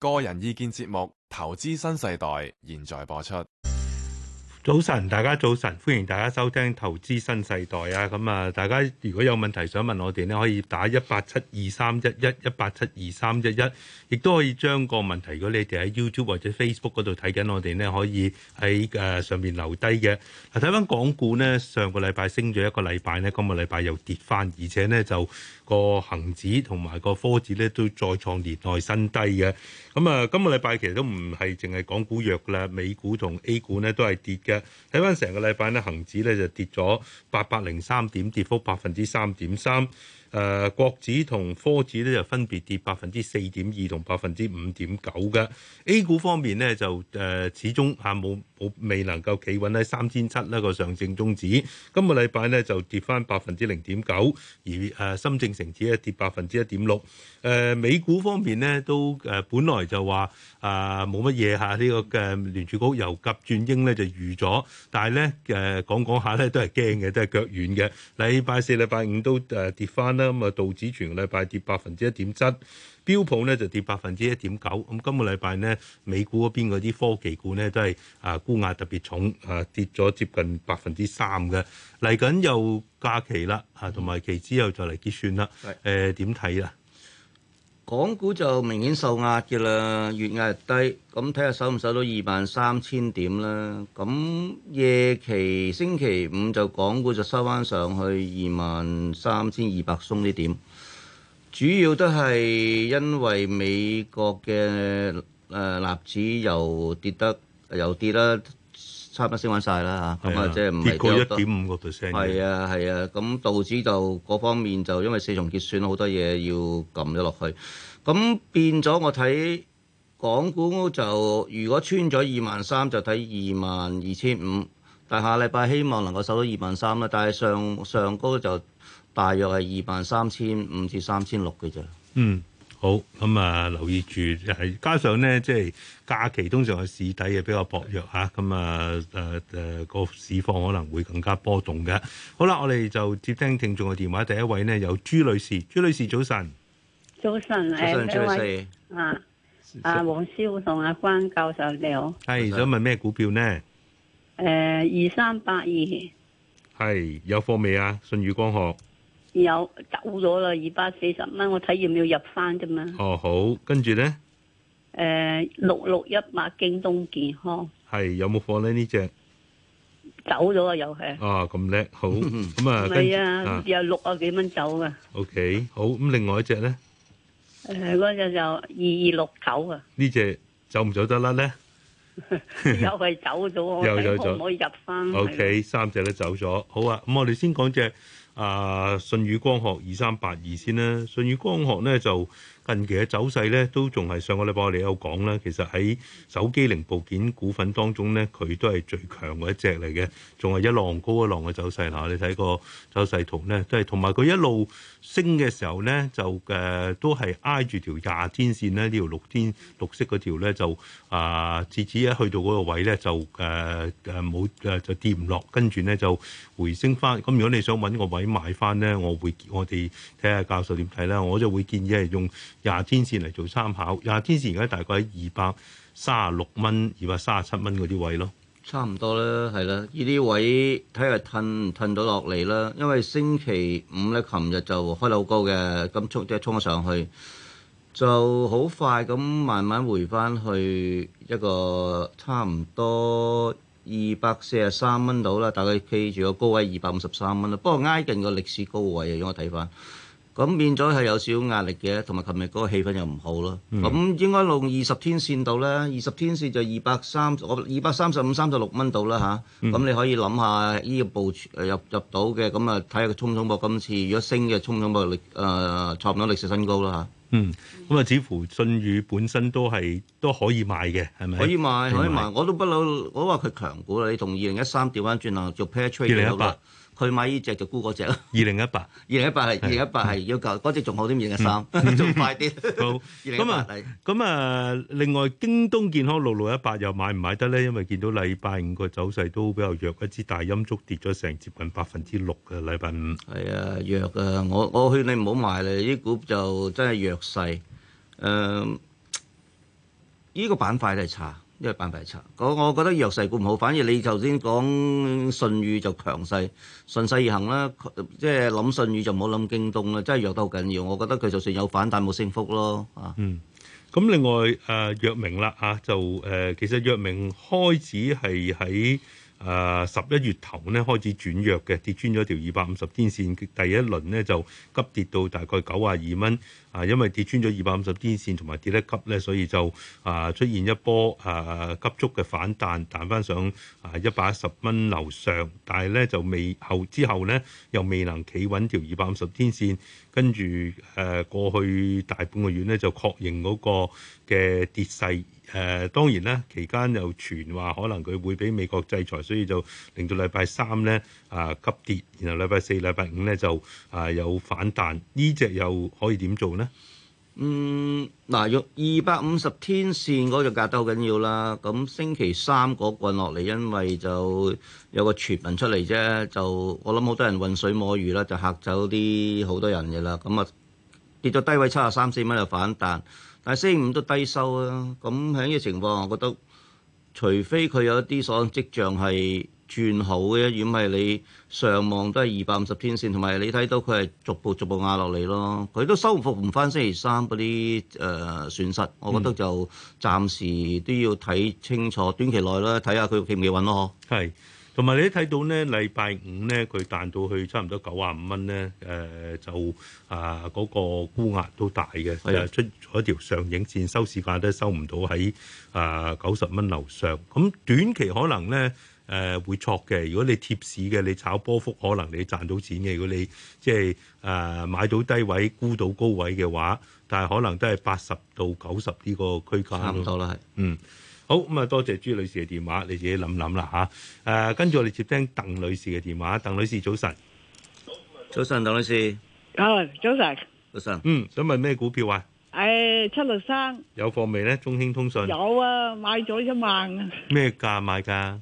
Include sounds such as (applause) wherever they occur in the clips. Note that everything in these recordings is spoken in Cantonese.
個人意見節目《投資新世代》現在播出。早晨，大家早晨，歡迎大家收聽《投資新世代》啊！咁啊，大家如果有問題想問我哋咧，可以打一八七二三一一一八七二三一一，亦都可以將個問題，如果你哋喺 YouTube 或者 Facebook 度睇緊我哋咧，可以喺誒、呃、上面留低嘅。嗱、啊，睇翻港股咧，上個禮拜升咗一個禮拜咧，今個禮拜又跌翻，而且咧就個恒指同埋個科指咧都再創年內新低嘅。咁啊，今個禮拜其實都唔係淨係港股弱啦，美股同 A 股咧都係跌。睇翻成個禮拜咧，恆指咧就跌咗八百零三點，跌幅百分之三點三。誒國指同科指咧就分別跌百分之四點二同百分之五點九，嘅 A 股方面呢就誒，始終嚇冇冇未能夠企穩喺三千七，呢個上證綜指今個禮拜呢就跌翻百分之零點九，而誒，深證成指咧跌百分之一點六。誒美股方面呢都，誒本來就話啊，冇乜嘢嚇，呢個嘅聯儲局由鴿轉鷹呢就預咗，但係呢誒，講講下呢都係驚嘅，都係腳軟嘅，禮拜四禮拜五都誒跌翻。咁啊道指全個禮拜跌百分之一點七，標普咧就跌百分之一點九。咁今個禮拜呢，美股嗰邊嗰啲科技股呢，都係啊沽壓特別重，啊跌咗接近百分之三嘅。嚟緊又假期啦、嗯，啊同埋期之後就嚟結算啦是。係誒、呃，點睇啦？港股就明顯受壓嘅啦，越壓越低，咁睇下守唔守到二萬三千點啦。咁夜期星期五就港股就收翻上去二萬三千二百鬆啲點，主要都係因為美國嘅誒納指又跌得又跌啦。差唔多先翻晒啦嚇，咁啊即係唔係？結果一點五個 percent。係啊係啊，咁、啊啊、道指就嗰方面就因為四重結算好多嘢要撳咗落去，咁變咗我睇港股就如果穿咗二萬三就睇二萬二千五，但下禮拜希望能夠收到二萬三啦。但係上上高就大約係二萬三千五至三千六嘅啫。嗯。好咁啊，留意住，係加上咧，即係假期，通常嘅市底啊比較薄弱吓，咁啊誒誒，個市況可能會更加波動嘅。好啦，我哋就接聽聽眾嘅電話，第一位呢，有朱女士，朱女士早晨，早晨，早晨，朱女士，啊，阿黃少同阿關教授你好。係想問咩股票呢？誒，二三八二，係有貨未啊？舜宇光學？有走咗啦，二百四十蚊，我睇要唔要入翻啫嘛？哦，好，跟住咧，誒，六六一八京東健康係有冇貨咧？呢隻走咗啊，又係哦，咁叻，好咁啊，係啊，有六啊幾蚊走噶。OK，好咁，另外一隻咧，誒，嗰隻就二二六九啊。呢隻走唔走得甩咧？又係走咗，又走咗，唔可以入翻。OK，三隻都走咗，好啊。咁我哋先講隻。啊！舜宇光學二三八二先啦，舜宇光學咧就，近期嘅走勢咧，都仲係上個禮拜我哋有講啦。其實喺手機零部件股份當中咧，佢都係最強嘅一隻嚟嘅，仲係一浪高一浪嘅走勢。嗱，你睇個走勢圖咧，都係同埋佢一路升嘅時候咧，就誒、啊、都係挨住條廿天線咧，呢條六天綠色嗰條咧就啊，次次一去到嗰個位咧就誒誒冇誒就跌唔落，跟住咧就回升翻。咁如果你想揾個位買翻咧，我會我哋睇下教授點睇啦。我就會建議係用。廿天線嚟做參考，廿天線而家大概喺二百三十六蚊、二百三十七蚊嗰啲位咯，差唔多啦，係啦，呢啲位睇下褪唔褪到落嚟啦。因為星期五咧，琴日就開得好高嘅，咁速即係衝咗上去，就好快咁慢慢回翻去一個差唔多二百四十三蚊到啦，大概企住個高位二百五十三蚊啦。不過挨近個歷史高位啊，如果睇翻。咁變咗係有少少壓力嘅，同埋琴日嗰個氣氛又唔好咯。咁、嗯、應該落二十天線度啦，二十天線就二百三，我二百三十五、三十六蚊到啦吓，咁你可以諗下呢個部署入，入到嘅，咁啊睇下佢衝唔衝破今次？如果升嘅衝唔衝破歷誒創唔到歷史新高啦吓，嗯，咁啊，似乎信譽本身都係都可以買嘅，係咪？可以買，可以買。係咪我都不嬲，我話佢強股啦。你同二零一三調翻轉頭做 pair trade 啦。100. 佢買呢隻就沽嗰隻咯。二零一八，二零一八係二零一八係要救嗰隻仲好啲面嘅衫，仲快啲。好。二零一八係。咁啊，另外，京東健康六六一八又買唔買得咧？因為見到禮拜五個走勢都比較弱，一支大陰燭跌咗成接近百分之六嘅禮拜五。係啊，弱啊！我我勸你唔好買啦，呢股就真係弱勢。誒，呢個板塊都係差。因為板塊差，我我覺得弱勢股唔好，反而你頭先講信譽就強勢，順勢而行啦。即係諗信譽就冇諗京東啦，真係弱得好緊要。我覺得佢就算有反彈冇升幅咯、嗯呃。啊，嗯，咁另外誒藥明啦嚇，就誒其實藥明開始係喺。誒十一月頭咧開始轉弱嘅，跌穿咗條二百五十天線。第一輪咧就急跌到大概九十二蚊，啊、呃、因為跌穿咗二百五十天線同埋跌得急咧，所以就啊、呃、出現一波啊、呃、急速嘅反彈，彈翻上啊一百一十蚊樓上。但係咧就未後之後咧又未能企穩條二百五十天線，跟住誒過去大半個月咧就確認嗰個嘅跌勢。誒、呃、當然啦，期間又傳話可能佢會俾美國制裁，所以就令到禮拜三咧啊、呃、急跌，然後禮拜四、禮拜五咧就啊有、呃、反彈，呢、這、隻、個、又可以點做呢？嗯，嗱、呃，約二百五十天線嗰個價得好緊要啦。咁星期三嗰棍落嚟，因為就有個傳聞出嚟啫，就我諗好多人混水摸魚啦，就嚇走啲好多人嘅啦。咁啊跌咗低位七十三四蚊就反彈。但係星期五都低收啊！咁喺呢個情況，我覺得除非佢有一啲所跡象係轉好嘅，如果唔係你上望都係二百五十天線，同埋你睇到佢係逐步逐步壓落嚟咯。佢都收復唔翻星期三嗰啲誒損失，我覺得就暫時都要睇清楚，短期內啦，睇下佢企唔企穩咯。嗬。係。同埋你睇到咧，禮拜五咧，佢彈到去差唔多九十五蚊咧，誒、呃、就啊嗰、呃那個沽壓都大嘅，又的出咗條上影線，收市價都收唔到喺啊九十蚊樓上。咁、嗯、短期可能咧誒、呃、會錯嘅，如果你貼市嘅，你炒波幅可能你賺到錢嘅。如果你即係誒買到低位沽到高位嘅話，但係可能都係八十到九十呢個區間。差唔多啦，係嗯。好，咁啊，多謝朱女士嘅電話，你自己諗諗啦吓。誒，跟住我哋接聽鄧女士嘅電話，鄧女士早晨。早晨，鄧女士。啊，早晨。早晨。嗯，想問咩股票啊？誒，七六三。有貨未咧？中興通訊。有啊，買咗一萬。咩價買噶？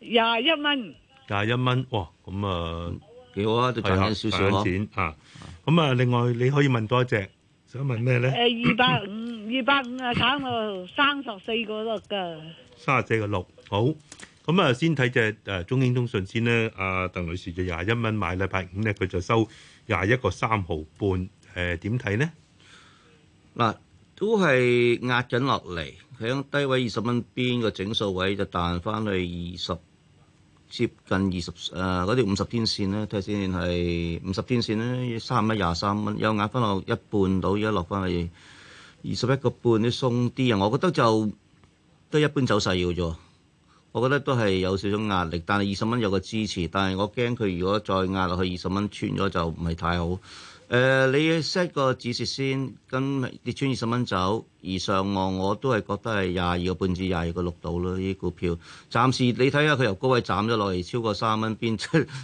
廿一蚊。廿一蚊，哇，咁啊，幾好啊，都賺緊少少咯。賺緊錢啊，咁啊，另外你可以問多一隻。想問咩咧？誒，二百五二百五啊，砍到三十四個六噶，三十四個六好。咁啊，先睇隻誒，中興通訊先咧。阿鄧女士就廿一蚊買，禮拜五咧佢就收廿一個三毫半。誒點睇咧？嗱，都係壓緊落嚟，喺低位二十蚊邊個整數位就彈翻去二十。接近二十誒嗰啲五十天線咧，睇下先係五十天線咧，三十蚊廿三蚊，有壓翻落一半落到，而家落翻去二十一個半，都鬆啲啊！我覺得就都一般走勢要啫，我覺得都係有少少壓力，但係二十蚊有個支持，但係我驚佢如果再壓落去二十蚊穿咗就唔係太好。誒、呃，你 set 個止蝕先，跟跌穿二十蚊走，而上岸我都係覺得係廿二個半至廿二個六度咯。啲股票暫時你睇下，佢由高位斬咗落嚟，超過三蚊，變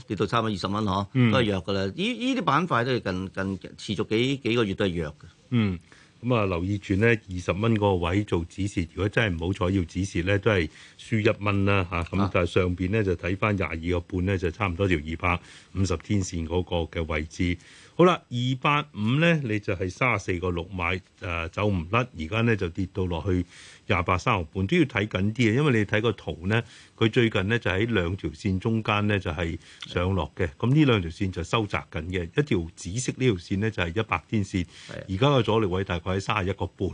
跌到差唔多二十蚊，嗬、啊，都係弱噶啦。呢依啲板塊都係近近，近持續幾幾個月都係弱嘅。嗯，咁啊，留意住呢二十蚊個位做止蝕。如果真係唔好彩要止蝕咧，都係輸一蚊啦嚇。咁、啊啊、但係上邊咧就睇翻廿二個半咧，就, 5，就差唔多條二百五十天線嗰個嘅位置。好啦，二八五咧，你就係三十四個六買，誒走唔甩，而家咧就跌到落去廿八三毫半，都要睇緊啲嘅，因為你睇個圖咧，佢最近咧就喺兩條線中間咧就係、是、上落嘅，咁呢是的 兩條線就收窄緊嘅，一條紫色呢條線咧就係一百天線，而家個阻力位大概喺三十一個半。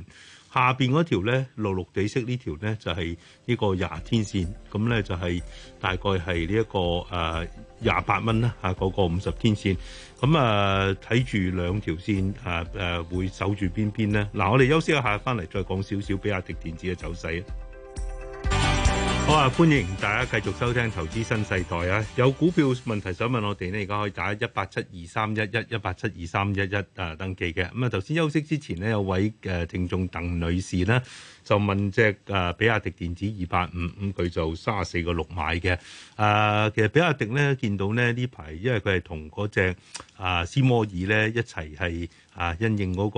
下邊嗰條咧綠綠哋色呢條咧就係、是、呢個廿天線，咁咧就係大概係呢一個誒廿八蚊啦嚇，嗰、那個五十天線，咁啊睇住兩條線啊誒、啊、會守住邊邊咧。嗱，我哋休息一下翻嚟再講少少，比亞迪電子嘅走勢啊。好啊！歡迎大家繼續收聽投資新世代啊！有股票問題想問我哋呢，而家可以打一八七二三一一一八七二三一一啊，登記嘅。咁啊，頭先休息之前呢，有位嘅聽眾鄧女士呢，就問隻啊比亞迪電子二八五，咁佢就三十四個六買嘅。啊，其實比亞迪呢，見到呢呢排，因為佢係同嗰隻啊斯摩爾呢一齊係。啊！因應嗰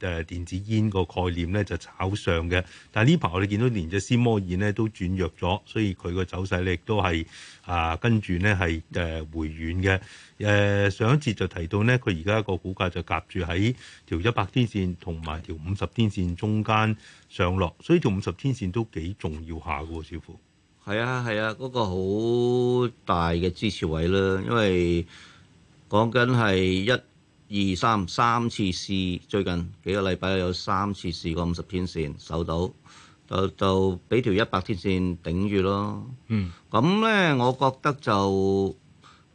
個誒電子煙個概念咧，就炒上嘅。但係呢排我哋見到連隻斯摩爾呢都轉弱咗，所以佢個走勢咧亦都係啊跟住咧係誒回軟嘅。誒、啊、上一節就提到咧，佢而家個股價就夾住喺條一百天線同埋條五十天線中間上落，所以條五十天線都幾重要下嘅喎，師傅。係啊，係啊，嗰、啊那個好大嘅支持位啦，因為講緊係一。二三三次試最近幾個禮拜有三次試過五十天線守到，就就俾條一百天線頂住咯。咁、嗯、呢，我覺得就，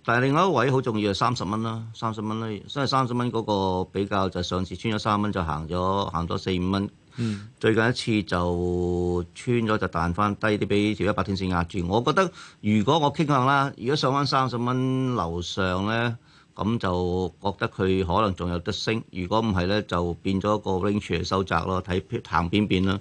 但係另外一位好重要係三十蚊啦，三十蚊咧，即係三十蚊嗰個比較就是、上次穿咗三蚊就行咗行咗四五蚊。嗯、最近一次就穿咗就彈翻低啲俾條一百天線壓住。我覺得如果我傾向啦，如果上翻三十蚊樓上呢。咁就覺得佢可能仲有得升，如果唔係咧，就變咗個 range 嚟收窄咯，睇彈扁扁啦。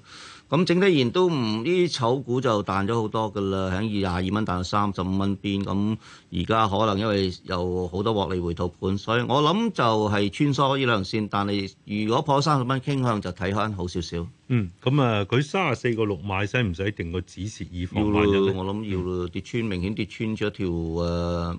咁整得完都唔呢啲炒股就彈咗好多噶啦，喺二廿二蚊彈到三十五蚊邊。咁而家可能因為有好多獲利回吐盤，所以我諗就係穿梭呢兩線。但係如果破三十蚊傾向，就睇翻好少少。嗯，咁啊，佢卅四個六買，使唔使定個止蝕以放慢咗？我諗要跌穿明顯跌穿咗一條、呃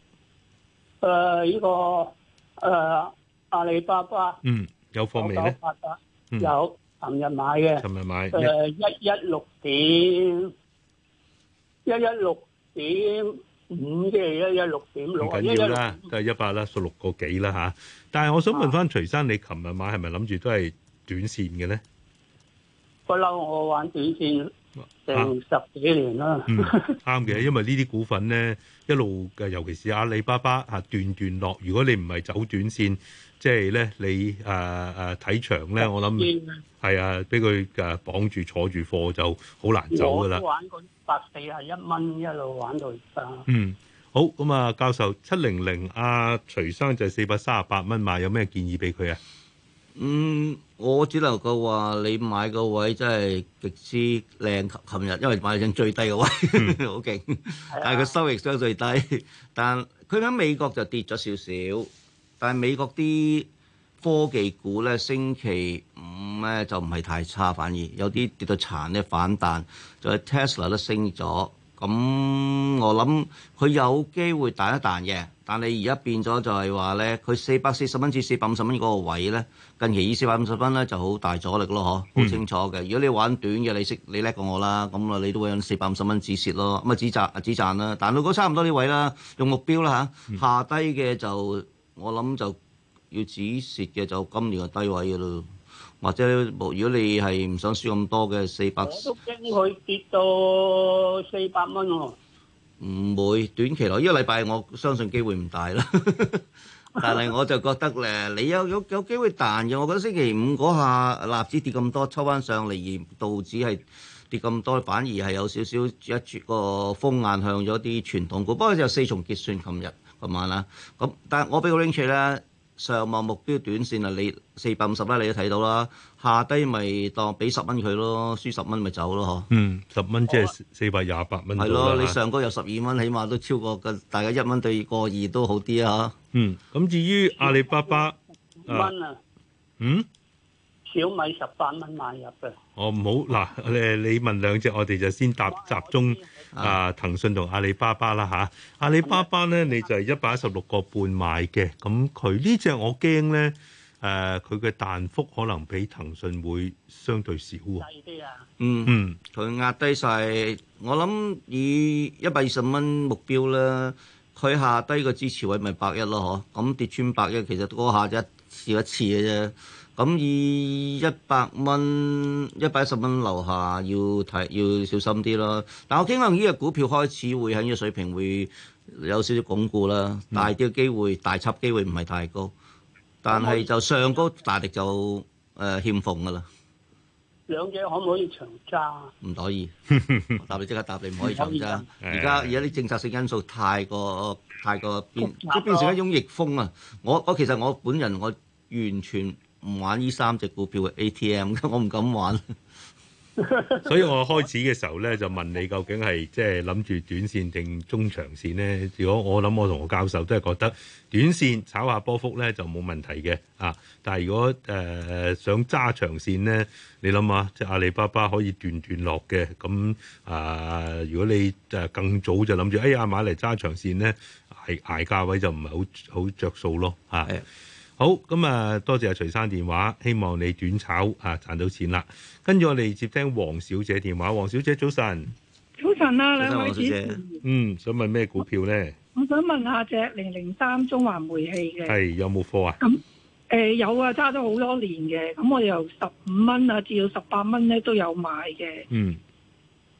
誒，依、uh, 這個誒，uh, 阿里巴巴嗯有貨未咧？有琴日買嘅，琴、嗯、日買誒一一六點，一一六點五即係一一六點六唔緊要緊啦，1, 都係一百啦，十六個幾啦吓。啊、但係我想問翻徐生，你琴日買係咪諗住都係短線嘅咧？不嬲、啊，我玩短線。成十幾年啦、啊，啱、嗯、嘅， (laughs) 因為呢啲股份咧一路嘅，尤其是阿里巴巴啊斷斷落。如果你唔係走短綫，即係咧你誒誒睇長咧，我諗係啊，俾佢誒綁住坐住貨就好難走噶啦。玩，玩到八四係一蚊一路玩到。嗯，好咁啊、嗯，教授七零零阿徐生就係四百三十八蚊買，有咩建議俾佢啊？嗯，我只能夠話你買個位真係極之靚。琴日因為買咗張最低個位，好勁、嗯。 (laughs) 害嗯、但係佢收益相對低。但佢喺美國就跌咗少少。但係美國啲科技股咧，星期五咧就唔係太差，反而有啲跌到殘咧反彈，就係 Tesla 都升咗。咁、嗯、我諗佢有機會彈一彈嘅，但你而家變咗就係話咧，佢四百四十蚊至四百五十蚊嗰個位咧，近期以四百五十蚊咧就好大阻力咯，嗬，好清楚嘅。如果你玩短嘅，你識你叻過我啦，咁啊你都會用四百五十蚊止蝕咯，咁啊止賺啊止賺啦，但係如果差唔多呢位啦，用目標啦嚇、啊，下低嘅就我諗就要止蝕嘅，就今年嘅低位嘅咯。或者，如果你係唔想輸咁多嘅四百，我都驚佢跌到四百蚊喎。唔會短期內依個禮拜，我相信機會唔大啦。但係我就覺得咧，你有有有機會彈嘅。我覺得星期五嗰下納指跌咁多，抽翻上嚟，而道指係跌咁多，反而係有少少一個風眼向咗啲傳統股。不過就有四重結算，琴日今晚啦。咁，但我俾個 link 你啦。上望目標短線啊，你四百五十蚊你都睇到啦。下低咪當俾十蚊佢咯，輸十蚊咪走咯嗬。嗯，十蚊即係四百廿八蚊。係咯、啊，你上高有十二蚊，起碼都超過嘅。大家一蚊對個二都好啲啊！嗯。咁至於阿里巴巴，八蚊啊。啊嗯，小米十八蚊買入嘅。哦，唔好嗱，你問兩隻，我哋就先答集中。啊！騰訊同阿里巴巴啦嚇、啊，阿里巴巴咧、嗯、你就係一百一十六個半買嘅，咁佢呢隻我驚咧誒，佢嘅彈幅可能比騰訊會相對少啊，啲啊，嗯嗯，佢、嗯、壓低晒。我諗以一百二十蚊目標啦，佢下低個支持位咪百一咯嗬，咁、啊、跌穿百一其實嗰下一試一次嘅啫。咁以一百蚊、一百一十蚊樓下要，要睇要小心啲咯。但我傾向呢個股票開始會喺呢個水平會有少少鞏固啦，大啲嘅機會、大插機會唔係太高，但係就上高大力就誒、呃、欠奉㗎喇。兩者可唔可以長揸？唔可以， (laughs) 答你即刻答你，唔可以長揸。而家而家啲政策性因素太過太過變，即係變成一種逆風啊！我我其實我本人我完全唔玩呢三隻股票嘅 ATM，我唔敢玩。 (laughs) 所以我開始嘅時候咧，就問你究竟係即係諗住短線定中長線咧？如果我諗，我同我教授都係覺得短線炒下波幅咧就冇問題嘅啊。但係如果誒、呃、想揸長線咧，你諗下，即係阿里巴巴可以斷斷落嘅。咁啊、呃，如果你誒更早就諗住，哎呀買嚟揸長線咧，挨挨價位就唔係好好着數咯。吓、啊。好，咁啊，多謝阿徐生電話，希望你短炒啊賺到錢啦。跟住我哋接聽黃小姐電話，黃小姐早晨。早晨啊，兩位主持，嗯，想問咩股票咧？我想問下隻零零三中華煤氣嘅，係有冇貨啊？咁誒、呃、有啊，揸咗好多年嘅，咁我哋由十五蚊啊至到十八蚊咧都有買嘅，嗯。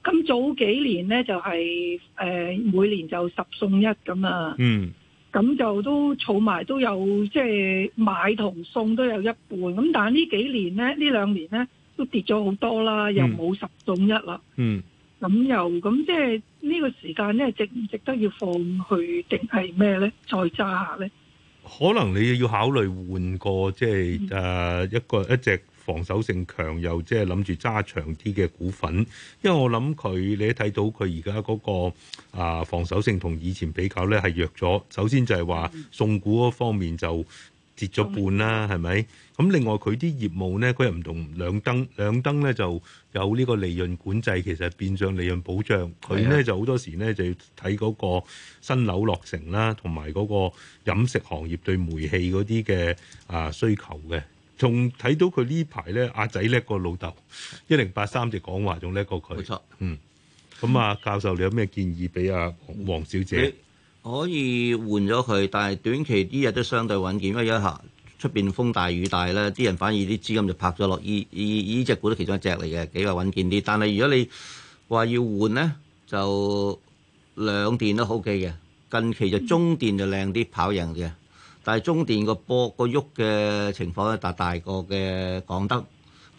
咁早幾年咧就係、是、誒、呃、每年就十送一咁啊，嗯。咁就都儲埋都有，即、就、係、是、買同送都有一半。咁但係呢幾年咧，兩年呢兩年咧都跌咗好多啦，嗯、又冇十送一啦。嗯。咁又咁即係呢個時間咧，值唔值得要放去定係咩咧？再揸下咧？可能你要考慮換個即係誒一個、嗯、一隻。防守性強又即係諗住揸長啲嘅股份，因為我諗佢你睇到佢而家嗰個啊防守性同以前比較咧係弱咗。首先就係話送股嗰方面就跌咗半啦，係咪、嗯？咁另外佢啲業務咧，佢又唔同兩燈兩燈咧就有呢個利潤管制，其實變相利潤保障。佢咧的就好多時咧就要睇嗰個新樓落成啦，同埋嗰個飲食行業對煤氣嗰啲嘅啊需求嘅。仲睇到佢呢排咧，阿仔叻過老豆，一零八三就講話仲叻過佢。冇錯嗯，嗯。咁、嗯、啊，教授你有咩建議俾阿黃小姐？可以換咗佢，但係短期呢日都相對穩健，因為一下出面風大雨大咧，啲人反而啲資金就拍咗落依依依隻股，隻都其中一隻嚟嘅，比較穩健啲。但係如果你話要換咧，就兩電都 OK 嘅。近期就中電就靚啲，跑贏嘅。但係中電個波個喐嘅情況咧，大大過嘅港燈。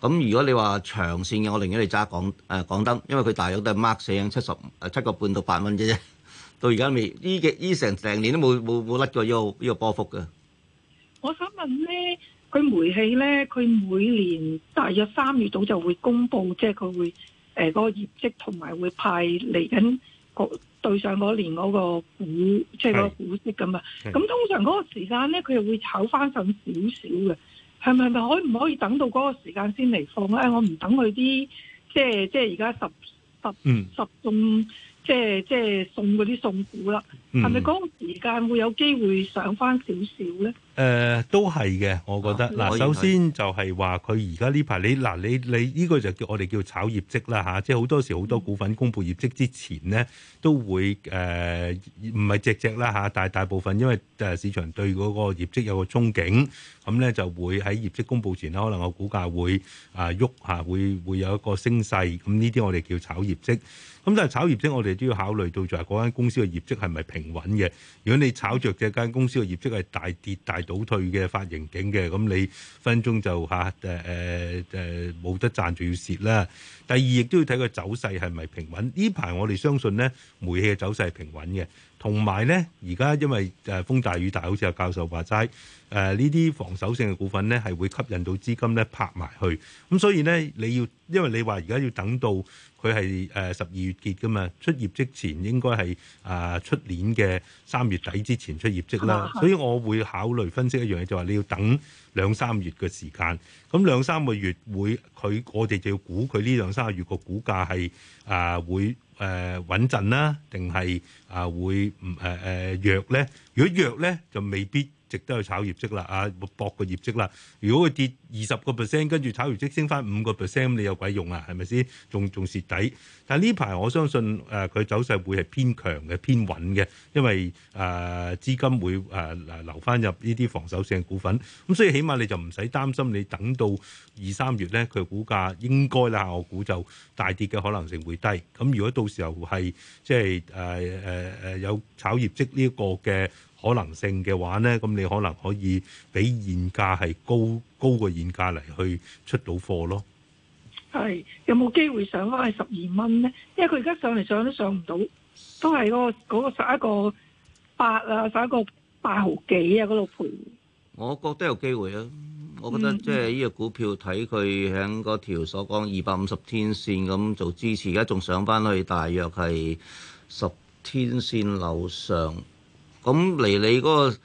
咁如果你話長線嘅，我寧願你揸港誒港燈，因為佢大約都係 mark 死七十五誒七個半到八蚊啫。啫，到而家未，呢嘅依成成年都冇冇冇甩過呢、呢個依、呢個波幅嘅。我想問咧，佢煤氣咧，佢每年大約三月度就會公布，即係佢會誒嗰、呃嗰個業績同埋會派嚟緊。對上嗰年嗰個股，即係個股息咁啊。咁通常嗰個時間咧，佢又會炒翻上少少嘅，係咪咪可唔可以等到嗰個時間先嚟放咧？哎，我唔等佢啲，即係即係而家十十十宗，即係即係送嗰啲送股啦。係咪嗰個時間會有機會上翻少少咧？誒、嗯呃，都係嘅，我覺得嗱，啊、首先就係話佢而家呢排你嗱，你、啊、你依、呢個就叫我哋叫炒業績啦嚇，即係好多時好多股份公布業績之前呢，都會誒唔係只只啦嚇，但係大部分因為誒市場對嗰個業績有個憧憬，咁、嗯、咧就會喺業績公布前咧，可能個股價會啊喐下，會會有一個升勢，咁呢啲我哋叫炒業績。咁、嗯、但係炒業績，我哋都要考慮到就係嗰間公司嘅業績係咪平？平穩嘅。如果你炒着隻間公司嘅業績係大跌大倒退嘅發盈警嘅，咁你分分鐘就吓誒誒誒冇得賺仲要蝕啦。第二，亦都要睇個走勢係咪平穩。呢排我哋相信咧，煤氣嘅走勢係平穩嘅，同埋咧而家因為誒風大雨大，好似阿教授話齋誒呢啲防守性嘅股份咧係會吸引到資金咧拍埋去，咁所以咧你要，因為你話而家要等到。佢係誒十二月結㗎嘛，出業績前應該係啊出年嘅三月底之前出業績啦，啊、所以我會考慮分析一樣嘢，就係、是、你要等兩三月嘅時間，咁兩三個月會佢我哋就要估佢呢兩三個月個股價係啊、呃、會誒穩陣啦，定係啊會唔誒誒弱咧？如果弱咧，就未必。值得去炒業績啦，啊，搏個業績啦。如果佢跌二十個 percent，跟住炒業績升翻五個 percent，你有鬼用啊？係咪先？仲仲蝕底。但係呢排我相信誒佢、呃、走勢會係偏強嘅、偏穩嘅，因為誒資、呃、金會誒留翻入呢啲防守性股份。咁所以起碼你就唔使擔心，你等到二三月咧，佢股價應該啦、啊，我估就大跌嘅可能性會低。咁、嗯、如果到時候係即係誒誒誒有炒業績呢個嘅，呃呃呃呃呃呃呃哦可能性嘅話咧，咁你可能可以比現價係高高過現價嚟去出到貨咯。係有冇機會上翻去十二蚊咧？因為佢而家上嚟上都上唔到，都係嗰個嗰個十一個八啊，十一個八毫幾啊嗰度盤。我覺得有機會啊！我覺得即係呢個股票睇佢喺嗰條所講二百五十天線咁做支持，而家仲上翻去大約係十天線樓上。咁嚟你嗰個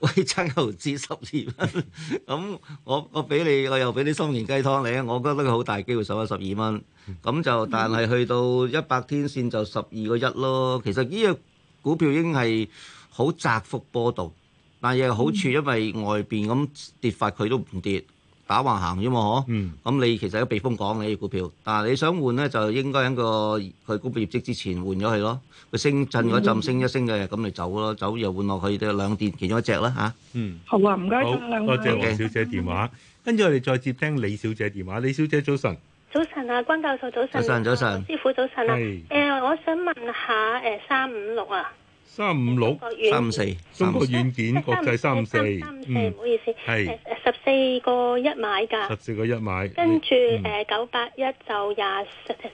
威爭投資十二蚊，咁我我俾你，我又俾啲心靈雞湯你啊！我覺得佢好大機會十一、十二蚊，咁就但係去到一百天線就十二個一咯。其實呢個股票已經係好窄幅波動，但係有好處因為外邊咁跌法佢都唔跌。打橫行啫嘛，嗬！咁你其實都避風港嘅啲股票，但係你想換咧，就應該喺個佢公布業績之前換咗佢咯。佢升進嗰陣升一升嘅，咁嚟走咯，走又換落去都有兩點其中一隻啦嚇。嗯，好啊，唔該曬，多謝李小姐電話。跟住我哋再接聽李小姐電話。李小姐早晨，早晨啊，關教授早晨，早晨早晨，師傅早晨啊。誒，我想問下誒三五六啊。三五六，三五四，中國軟件，國際三,四三五四、嗯，唔好意思，係十四個一買㗎，十四個一買，跟住誒九八一就廿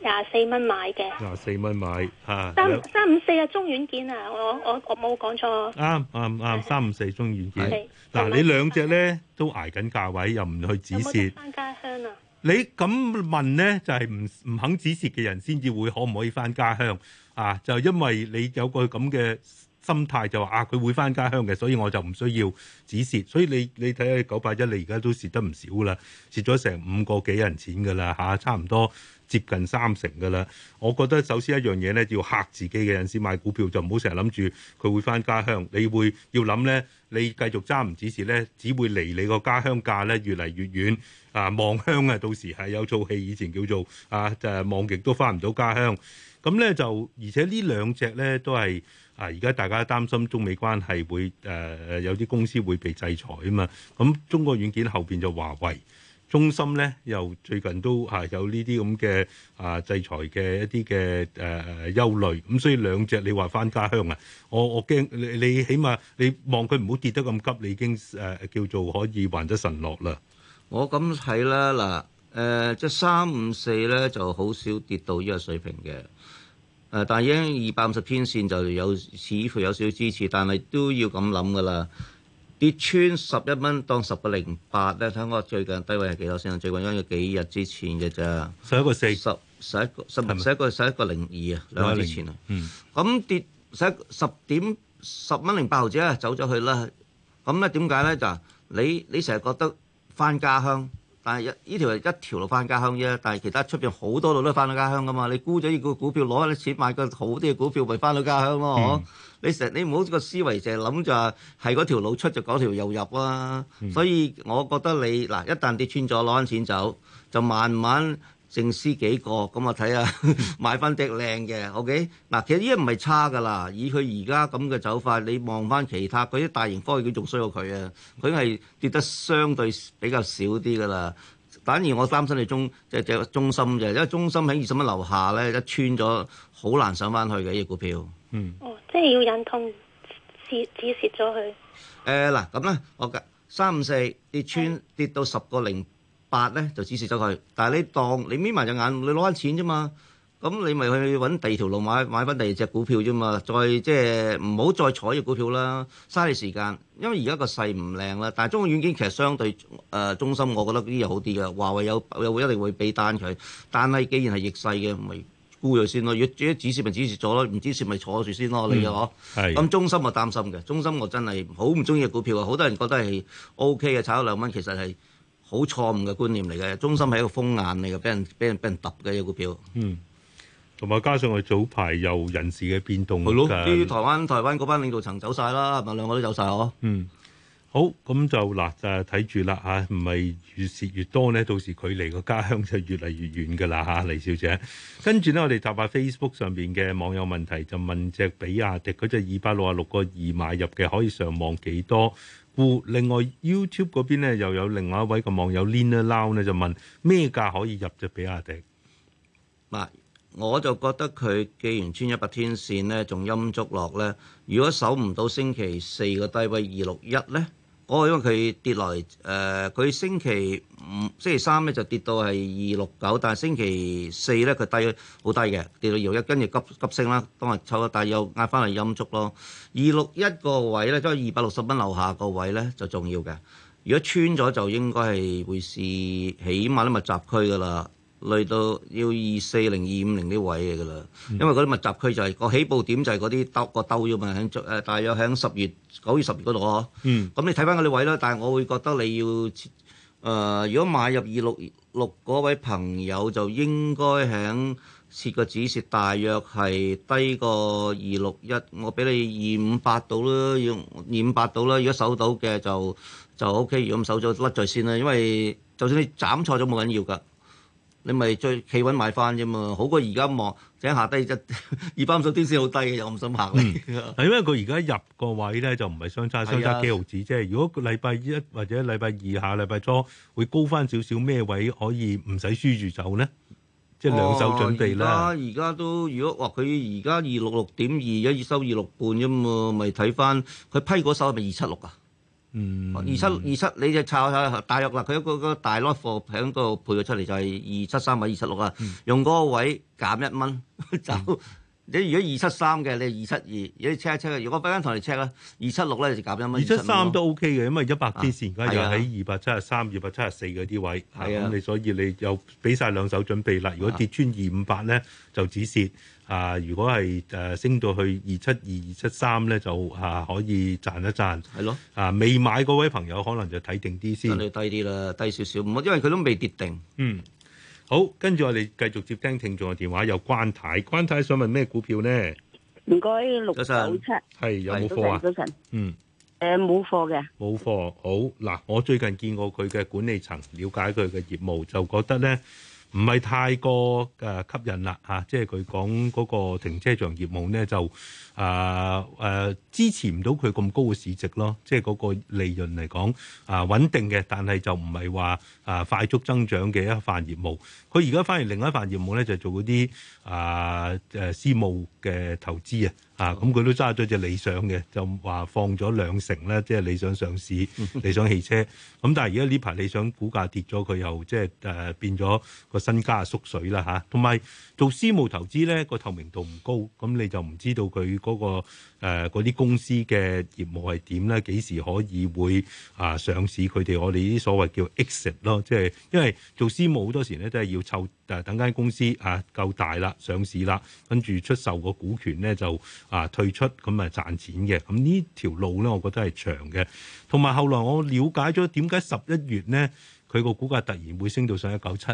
廿四蚊買嘅，廿四蚊買嚇，三三五四啊，中軟件啊，我我我冇講錯啱啱啱三五四中軟件、啊，嗱你兩隻咧都挨緊價位，又唔去止蝕。有冇返家鄉啊？你咁問咧，就係唔唔肯止蝕嘅人先至會可唔可以翻家鄉啊？就因為你有個咁嘅心態，就話啊佢會翻家鄉嘅，所以我就唔需要止蝕。所以你你睇下九八一，你而家都蝕得唔少啦，蝕咗成五個幾人錢噶啦嚇，差唔多。接近三成嘅啦，我覺得首先一樣嘢咧，要嚇自己嘅人士買股票就唔好成日諗住佢會返家鄉，你會要諗咧，你繼續揸唔止時咧，只會離你個家鄉價咧越嚟越遠啊！望鄉啊，到時係有齣戲，以前叫做啊就係、啊、望極都返唔到家鄉。咁咧就而且呢兩隻咧都係啊而家大家擔心中美關係會誒、啊、有啲公司會被制裁啊嘛，咁中國軟件後邊就華為。中心咧又最近都吓，有呢啲咁嘅啊制裁嘅一啲嘅誒誒憂慮，咁所以兩隻你話翻家鄉啊，我我驚你你起碼，你望佢唔好跌得咁急，你已經誒、啊、叫做可以還得神落啦。我咁睇啦嗱誒，即係三五四咧就好少跌到呢個水平嘅，誒、呃、但係已經二百五十天線就有似乎有少少支持，但係都要咁諗㗎啦。跌穿十一蚊當十個零八咧，睇我最近低位係幾多先啊？最近因為幾日之前嘅，咋十一個四十十十唔使個十一個零二啊，兩日之前啊。2> 2, 嗯。咁跌十一，十點十蚊零八毫紙啊，走咗去啦。咁咧點解咧？就係，你你成日覺得返家鄉。但係呢條係一條路翻家鄉啫，但係其他出邊好多路都翻到家鄉噶嘛。你沽咗呢個股票攞啲錢買個好啲嘅股票咪翻到家鄉咯，嗯、你成你唔好個思維成諗就係係嗰條路出就嗰條又入啦、啊。嗯、所以我覺得你嗱，一旦跌穿咗攞翻錢走，就慢慢。正輸幾個咁啊！睇下 (laughs) 買翻隻靚嘅，OK 嗱。其實呢啲唔係差噶啦，以佢而家咁嘅走法，你望翻其他嗰啲大型科技都仲衰過佢啊！佢係跌得相對比較少啲噶啦。反而我擔心你中即係中心嘅，因為中心喺二十蚊樓下咧，一穿咗好難上翻去嘅呢隻股票。嗯。哦，即係要忍痛蝕止蝕咗佢。誒嗱，咁咧、呃，我三五四跌穿跌到十個零。八咧就指示咗佢，但係你當你搣埋隻眼，你攞翻錢啫嘛，咁你咪去揾第二條路買買翻第二隻股票啫嘛，再即係唔好再睬呢隻股票啦，嘥你時間，因為而家個勢唔靚啦。但係中國軟件其實相對誒、呃、中芯，我覺得啲嘢好啲嘅，華為有有會一定會俾單佢，但係既然係逆勢嘅，咪沽咗先咯。如果至於指示咪指示咗咯，唔指示咪坐住先咯，嗯、你嘅呵。係咁的中芯就擔心嘅，中芯我真係好唔中意嘅股票啊，好多人覺得係 O K 嘅，炒咗兩蚊其實係。好錯誤嘅觀念嚟嘅，中心係一個風眼嚟嘅，俾人俾人俾人揼嘅啲股票。嗯，同埋加上佢早排又人事嘅變動，啲台灣台灣嗰班領導層走晒啦，咪兩個都走晒嗬。嗯，好咁就嗱誒睇住啦嚇，唔係、啊、越蝕越多呢，到時佢離個家鄉就越嚟越遠㗎啦嚇，黎、啊、小姐。跟住呢，我哋答下 Facebook 上邊嘅網友問題，就問隻比亞迪，佢就二百六啊六個二買入嘅，可以上望幾多？另外 YouTube 嗰邊咧，又有另外一位個網友 Leon Lau 咧，就問咩價可以入隻比亞迪？嗱，我就覺得佢既然穿一百天線咧，仲陰足落咧。如果守唔到星期四個低位二六一咧？我、哦、因為佢跌落嚟，誒、呃、佢星期五、星期三咧就跌到係二六九，但係星期四咧佢低好低嘅，跌到二六一，跟住急急升啦，當日抽啦，但係又嗌翻嚟陰燭咯。二六一個位咧，即係二百六十蚊樓下個位咧，就重要嘅，如果穿咗就應該係會試起碼啲密集區㗎啦。累到要二四零、二五零啲位嚟噶啦，嗯、因為嗰啲密集區就係、是、個起步點就，就係嗰啲兜個兜要樣響，誒、呃，大約響十月九月、十月嗰度嗬。咁、嗯嗯、你睇翻嗰啲位啦。但係我會覺得你要誒、呃，如果買入二六六嗰位朋友，就應該響設個止蝕，大約係低過二六一。我俾你二五八到啦，二五八到啦。如果守到嘅就就 O K。如果唔守咗甩在先啦，因為就算你斬錯咗冇緊要噶。你咪最企穩買翻啫嘛，好過而家望，整下低一二百五十點先好低，又咁想行咧。 (laughs) 嗯、因為佢而家入個位咧就唔係相差、啊、相差幾毫子啫。如果個禮拜一或者禮拜二下禮拜初會高翻少少，咩位可以唔使輸住走咧？即係兩手準備啦。而家、哦、都如果話佢而家二六六點二，一月收二六半啫嘛，咪睇翻佢批嗰手係咪二七六啊？嗯，二七二七，你就炒下大約啦。佢一個個大粒貨喺嗰度配咗出嚟、嗯，就係二七三或者二七六啦。用嗰個位減一蚊就。 (laughs) 走嗯你如果二七三嘅，你二七二，你 check 一 check，如果翻間同你 check 啦，二七六咧就減一蚊。二七三都 OK 嘅，因為一百天線而家又喺二百七十三、二百七十四嗰啲位。係啊，咁、啊、你所以你又俾晒兩手準備啦。啊、如果跌穿二五八咧，就止蝕。啊，如果係誒升到去二七二、二七三咧，就嚇、啊、可以賺一賺。係咯。啊，未、啊、買嗰位朋友可能就睇定啲先。睇低啲啦，低少少，因為佢都未跌定。嗯。好，跟住我哋繼續接聽聽眾嘅電話，有關太，關太想問咩股票呢？唔該，六九七係有冇貨啊？嗯，誒、呃，冇貨嘅。冇貨，好嗱，我最近見過佢嘅管理層，了解佢嘅業務，就覺得咧唔係太過誒吸引啦吓、啊，即係佢講嗰個停車場業務咧就。啊誒、啊、支持唔到佢咁高嘅市值咯，即係嗰個利潤嚟講啊穩定嘅，但係就唔係話啊快速增長嘅一範業務。佢而家反而另一範業務咧就係、做嗰啲啊誒私募嘅投資啊，啊咁佢、啊嗯、都揸咗隻理想嘅，就話放咗兩成咧，即、就、係、是、理想上市 (laughs) 理想汽車。咁但係而家呢排理想股價跌咗，佢又即係誒變咗個身家縮水啦嚇。同、啊、埋做私募投資咧個透明度唔高，咁你就唔知道佢。嗰、嗰個嗰啲、呃、公司嘅業務係點咧？幾時可以會啊、呃、上市？佢哋我哋啲所謂叫 exit 咯，即係因為做私募好多時咧都係要湊誒、啊、等間公司啊夠大啦上市啦，跟住出售個股權咧就啊退出咁啊賺錢嘅。咁呢條路咧，我覺得係長嘅。同埋後來我了解咗點解十一月咧佢個股價突然會升到上一九七，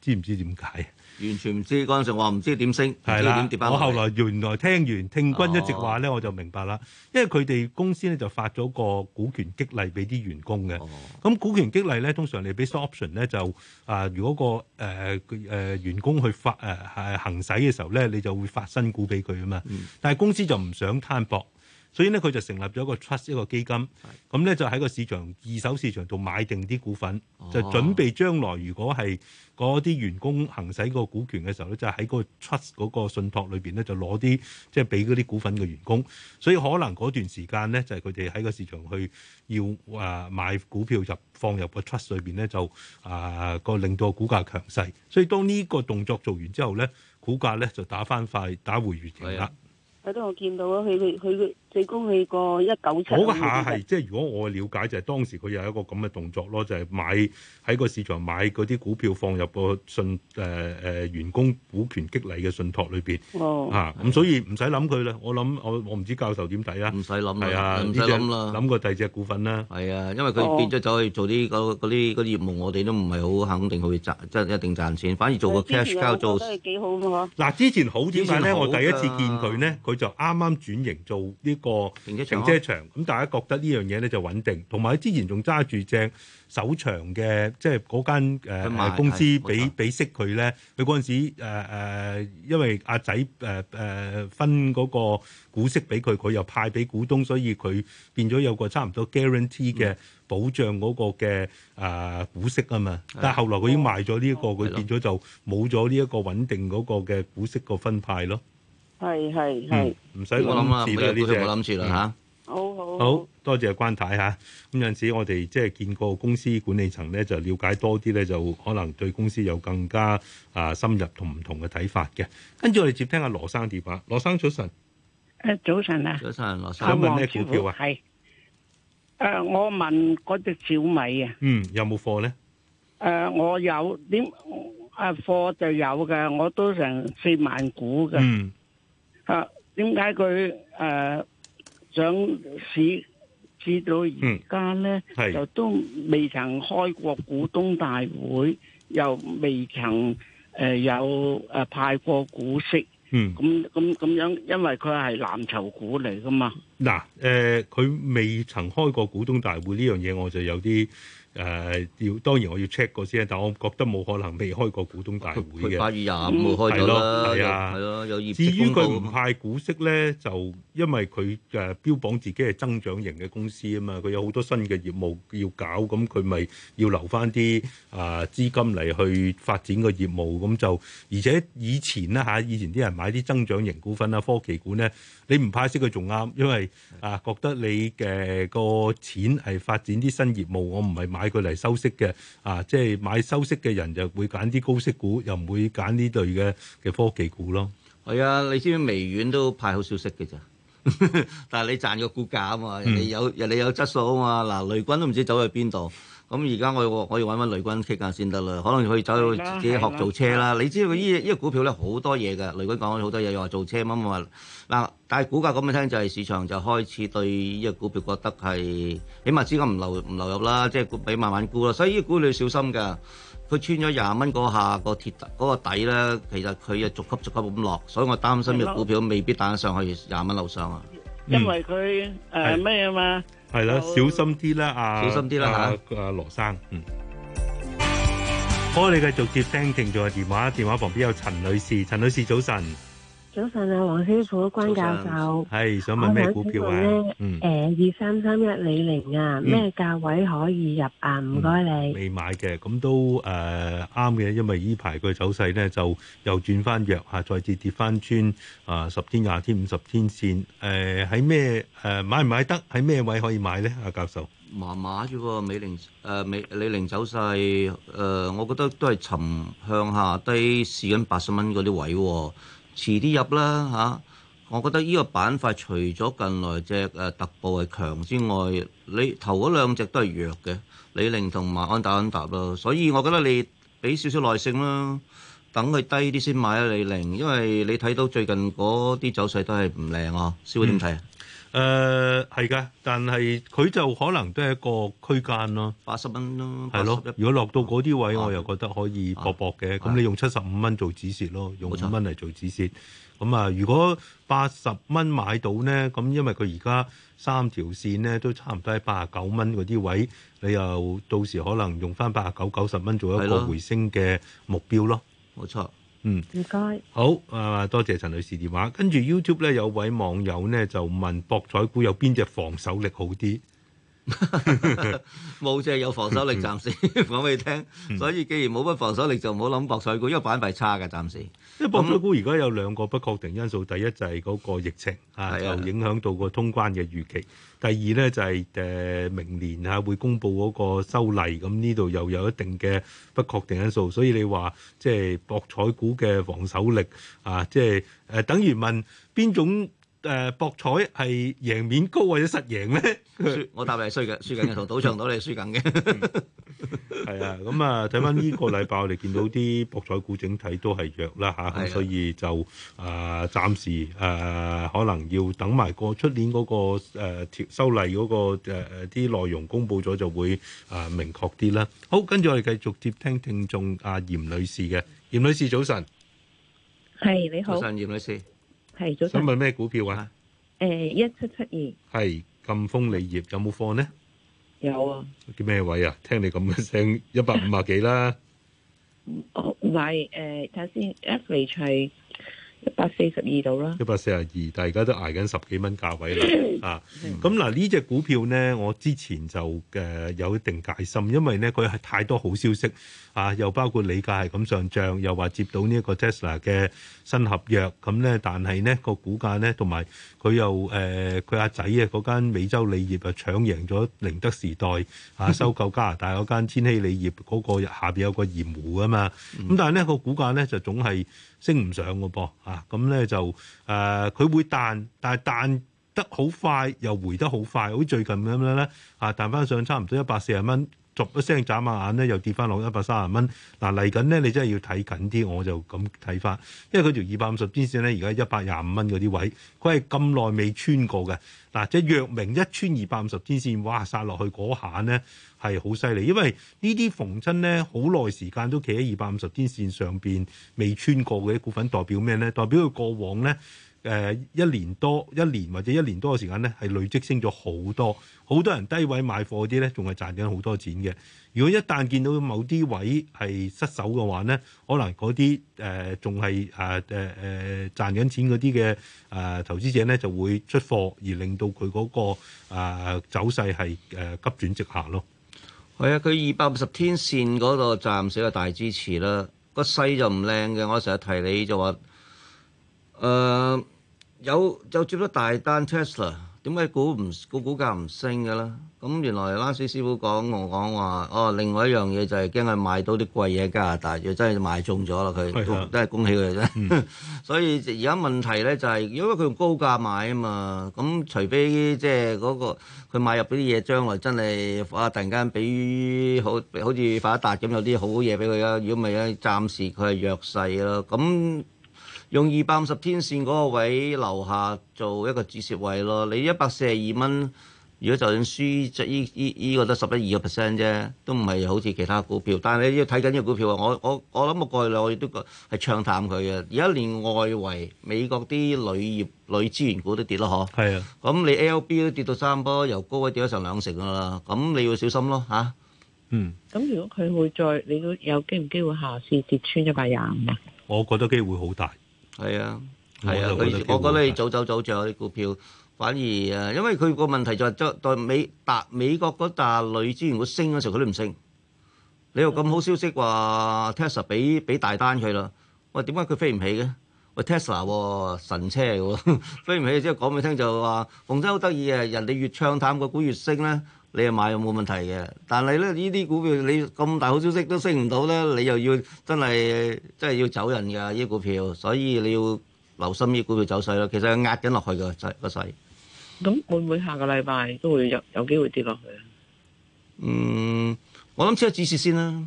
知唔知點解？完全唔知嗰陣時，我唔知點升，唔的知點跌翻，我後來原來聽完聽君一直話咧，哦、我就明白啦。因為佢哋公司咧就發咗個股權激勵俾啲員工嘅。咁、哦、股權激勵咧，通常你俾 option 咧就啊，如果個誒誒員工去發誒行行使嘅時候咧，你就會發新股俾佢啊嘛。嗯、但係公司就唔想攤薄。所以咧，佢就成立咗一個 trust 一個基金，咁咧的就喺個市場二手市場度買定啲股份，哦、就準備將來如果係嗰啲員工行使個股權嘅時候咧，就喺個 trust 嗰個信託裏邊咧就攞啲即係俾嗰啲股份嘅員工。所以可能嗰段時間咧，就係佢哋喺個市場去要誒買股票就放入個 trust 裏邊咧，就誒個令到個股價強勢。所以當呢個動作做完之後咧，股價咧就打翻塊打回原形啦。係咯的，我見到啦，佢佢佢。最高去過一九七。我個下係即係如果我了解就係、是、當時佢有一個咁嘅動作咯，就係、是、買喺個市場買嗰啲股票放入個信誒誒、呃呃、員工股權激勵嘅信託裏邊。哦，嚇咁所以唔使諗佢啦。我諗我我唔知教授點睇啊？唔使諗啦，啊，唔使諗啦，諗過第二隻股份啦、啊。係啊，因為佢、哦、變咗走去做啲嗰啲嗰業務，我哋都唔係好肯定去賺，即係一定賺錢。反而做個 cash flow 都係幾好㗎嘛。嗱，之前好點解咧？我第一次見佢咧，佢就啱啱轉型做啲。個停車場、停車場咁、嗯，大家覺得呢樣嘢咧就穩定，同埋之前仲揸住隻首長嘅，即係嗰間誒、呃、賣公司俾俾息佢咧。佢嗰陣時誒、呃、因為阿仔誒誒分嗰個股息俾佢，佢又派俾股東，所以佢變咗有個差唔多 guarantee 嘅保障嗰個嘅誒股息啊嘛。嗯呃嗯、但係後來佢已經賣咗呢一個，佢、哦、變咗就冇咗呢一個穩定嗰個嘅股息個分派咯。係係係，唔使我諗啦，唔好意思，冇諗住啦吓。好好好，好多謝關太吓，咁有陣時我哋即係見過公司管理層咧，就了解多啲咧，就可能對公司有更加啊深入同唔同嘅睇法嘅。跟住我哋接聽阿羅生電話，羅生早晨，誒早晨啊，早晨羅生，想問咩股票啊？係誒、啊,我問嗰隻小米啊，嗯，有冇貨咧？誒、啊，我有點誒，貨就有嘅，我都成四萬股嘅。嗯啊！點解佢誒上市至到而家咧，嗯、就都未曾開過股東大會，又未曾誒有誒派過股息。嗯，咁咁咁樣，因為佢係藍籌股嚟㗎嘛。嗱、啊，誒、呃、佢未曾開過股東大會呢樣嘢，我就有啲。誒、呃、要當然我要 check 過先，但係我覺得冇可能未開過股東大會嘅。八月廿五號開咗啦，嗯、啊，係咯、啊啊啊，有業績公布。至於佢唔派股息咧，就因為佢誒、呃、標榜自己係增長型嘅公司啊嘛，佢有好多新嘅業務要搞，咁佢咪要留翻啲啊資金嚟去發展個業務，咁就而且以前啦、啊、嚇，以前啲人買啲增長型股份啦、科技股咧，你唔派息佢仲啱，因為啊、呃、覺得你嘅個、呃、錢係發展啲新，新，的新的業務，我唔係買。買佢嚟收息嘅，啊，即係買收息嘅人就會揀啲高息股，又唔會揀呢類嘅嘅科技股咯。係啊、哎，你知唔知微軟都派好消息嘅咋？ (laughs) 但係你賺個股價啊嘛，人哋有人哋有質素啊嘛，嗱雷軍都唔知走去邊度，咁而家我我要揾翻雷軍傾下先得啦，可能可以走去自己學做車啦。你知道呢呢個股票咧好多嘢㗎，雷軍講咗好多嘢，又話做車乜乜乜，嗱，但係股價咁樣聽就係、是、市場就開始對呢個股票覺得係起碼資金唔流唔流入啦，即係股比慢慢沽啦，所以呢啲股你要小心㗎。佢穿咗廿蚊嗰下個鐵嗰個底咧，其實佢又逐級逐級咁落，所以我擔心隻股票未必彈得上去廿蚊樓上啊。因為佢誒咩啊嘛？係啦，小心啲啦，小心啲啦，阿阿阿羅生，嗯。好，你繼續接聽聽眾嘅電話。電話旁邊有陳女士，陳女士早晨。早晨啊，黃師傅，關教授，係想問咩股票啊？誒，二三三一李寧啊，咩價位可以入啊？唔該你未買嘅，咁都誒啱嘅，因為依排佢走勢咧就又轉翻弱吓，再次跌翻穿啊十天廿天五十天線誒，喺咩誒買唔買得？喺咩位可以買咧？阿教授，麻麻啫喎，美寧誒美李寧走勢誒，我覺得都係沉向下低試緊八十蚊嗰啲位。遲啲入啦嚇、啊。我覺得依個板塊除咗近來只誒、啊、特步係強之外，你頭嗰兩隻都係弱嘅，李寧同埋安踏、安踏咯。所以我覺得你俾少少耐性啦，等佢低啲先買啊，李寧，因為你睇到最近嗰啲走勢都係唔靚啊。師妹點睇啊？嗯誒係噶，但係佢就可能都係一個區間咯，八十蚊咯，係咯。如果落到嗰啲位，啊、我又覺得可以搏搏嘅。咁、啊、你用七十五蚊做止蝕咯，用五蚊嚟做止蝕。咁啊錯，如果八十蚊買到呢，咁因為佢而家三條線呢都差唔多喺八十九蚊嗰啲位，你又到時可能用翻八十九九十蚊做一個回升嘅目標咯。冇錯。嗯，唔該，好啊，多謝陳女士電話。跟住 YouTube 咧，有位網友咧就問博彩股有邊隻防守力好啲？冇隻 (laughs) (laughs) 有防守力，暫時講俾你聽。 (laughs) 所以既然冇乜防守力，就唔好諗博彩股，因為板塊差嘅，暫時。即博彩股而家有兩個不確定因素，第一就係嗰個疫情啊，就的影響到個通關嘅預期；第二咧就係誒明年啊會公佈嗰個修例，咁呢度又有一定嘅不確定因素。所以你話即係博彩股嘅防守力啊，即係誒等於問邊種。誒、呃，博彩係贏面高或者實贏咧？ (laughs) 我答你係衰嘅，輸緊嘅，同賭場賭你係輸緊嘅。係 (laughs) 啊， (laughs) 咁、嗯、啊，睇翻呢個禮拜我哋見到啲博彩股整體都係弱啦吓，咁、啊、所以就啊，暫、呃、時誒、呃，可能要等埋嗰出年嗰個誒條修例嗰個誒誒啲內容公布咗，就會啊明確啲啦。好，跟住我哋繼續接聽聽眾阿嚴女士嘅，嚴女士早晨，係你好，早晨嚴女士。係早晨想問咩股票啊？誒、uh,，一七七二。係贛鋒鋰業有冇貨呢？有啊。叫咩位啊？聽你咁嘅聲一百五啊幾啦？唔，我唔係誒，睇先 average 係。一百四十二度啦，一百四十二，大家都挨緊十幾蚊價位嚟 (coughs) 啊。咁嗱呢隻股票咧，我之前就誒、呃、有一定戒心，因為咧佢係太多好消息啊，又包括鋰價係咁上漲，又話接到呢一個 Tesla 嘅新合約，咁、嗯、咧，但係呢、呢個股價咧同埋佢又誒佢阿仔啊嗰間美洲鋰業啊搶贏咗寧德時代啊收購加拿大嗰間千禧鋰業嗰個下邊有個鹽湖啊嘛，咁但係咧個股價咧就總係升唔上嘅噃，啊咁咧就誒，佢、呃、會彈，但係彈得好快，又回得好快，好似最近咁樣咧，啊彈翻上差唔多一百四十蚊，逐一聲眨下眼咧又跌翻落一百三十蚊。嗱，嚟緊咧，你真係要睇緊啲，我就咁睇返，因為嗰條二百五十天線咧，而家一百廿五蚊嗰啲位，佢係咁耐未穿過嘅。嗱、啊，即、就、係、是、若明一穿二百五十天線，哇，殺落去嗰下咧。係好犀利，因為親呢啲逢親咧，好耐時間都企喺二百五十天線上邊未穿過嘅股份代，代表咩咧？代表佢過往咧，誒、呃、一年多、一年或者一年多嘅時間咧，係累積升咗好多。好多人低位買貨嗰啲咧，仲係賺緊好多錢嘅。如果一旦見到某啲位係失守嘅話咧，可能嗰啲誒仲係誒誒誒賺緊錢嗰啲嘅啊投資者咧，就會出貨而令到佢嗰、那個、呃、走勢係誒急轉直下咯。係啊，佢二百五十天線嗰度暫時有大支持啦，個勢就唔靚嘅。我成日提你就話、呃，有有接咗大單 Tesla。點解股唔個股價唔升嘅啦？咁原來拉斯師傅講我講話，哦，另外一樣嘢就係驚佢買到啲貴嘢喺加拿大，若真係買中咗啦，佢、哎、呀都係恭喜佢啫。嗯、 (laughs) 所以而家問題咧就係、是，因為佢用高價買啊嘛，咁除非即係嗰個佢買入啲嘢，將來真係啊突然間俾好好似發一達發達咁，有啲好嘢俾佢啦。如果咪係咧，暫時佢係弱勢囉。咁。用二百五十天線嗰個位留下做一個止蝕位咯。你一百四十二蚊，如果就算輸，就依依依個得十一二個 percent 啫，都唔係好似其他股票。但係你要睇緊啲股票啊！我我我諗啊，過去我亦都係唱淡佢嘅。而家連外圍美國啲鋁業、鋁資源股都跌咯，嗬。係啊。咁你 ALB 都跌到三波，由高位跌咗成兩成噶啦。咁你要小心咯，吓、啊，嗯。咁如果佢會再，你都有機唔機會下次跌穿一百廿五啊？我覺得機會好大。係啊，係啊，佢我覺得你早走是、啊、早著啲股票，反而啊，因為佢個問題就就是、代美達美國嗰笪累資如果升嗰時佢都唔升，你又咁好消息話 Tesla 俾俾大單佢啦，喂點解佢飛唔起嘅？喂 Tesla、哦、神車嚟喎、哦，飛唔起，之係講俾你聽就話，逢姐好得意啊，人哋越唱淡個股越升咧。你又買又冇問題嘅，但係咧呢啲股票你咁大好消息都升唔到咧，你又要真係真係要走人㗎呢啲股票，所以你要留心呢啲股票走勢啦。其實壓緊落去嘅個勢，咁會唔會下個禮拜都會有有機會跌落去啊？嗯，我諗先止蝕先啦。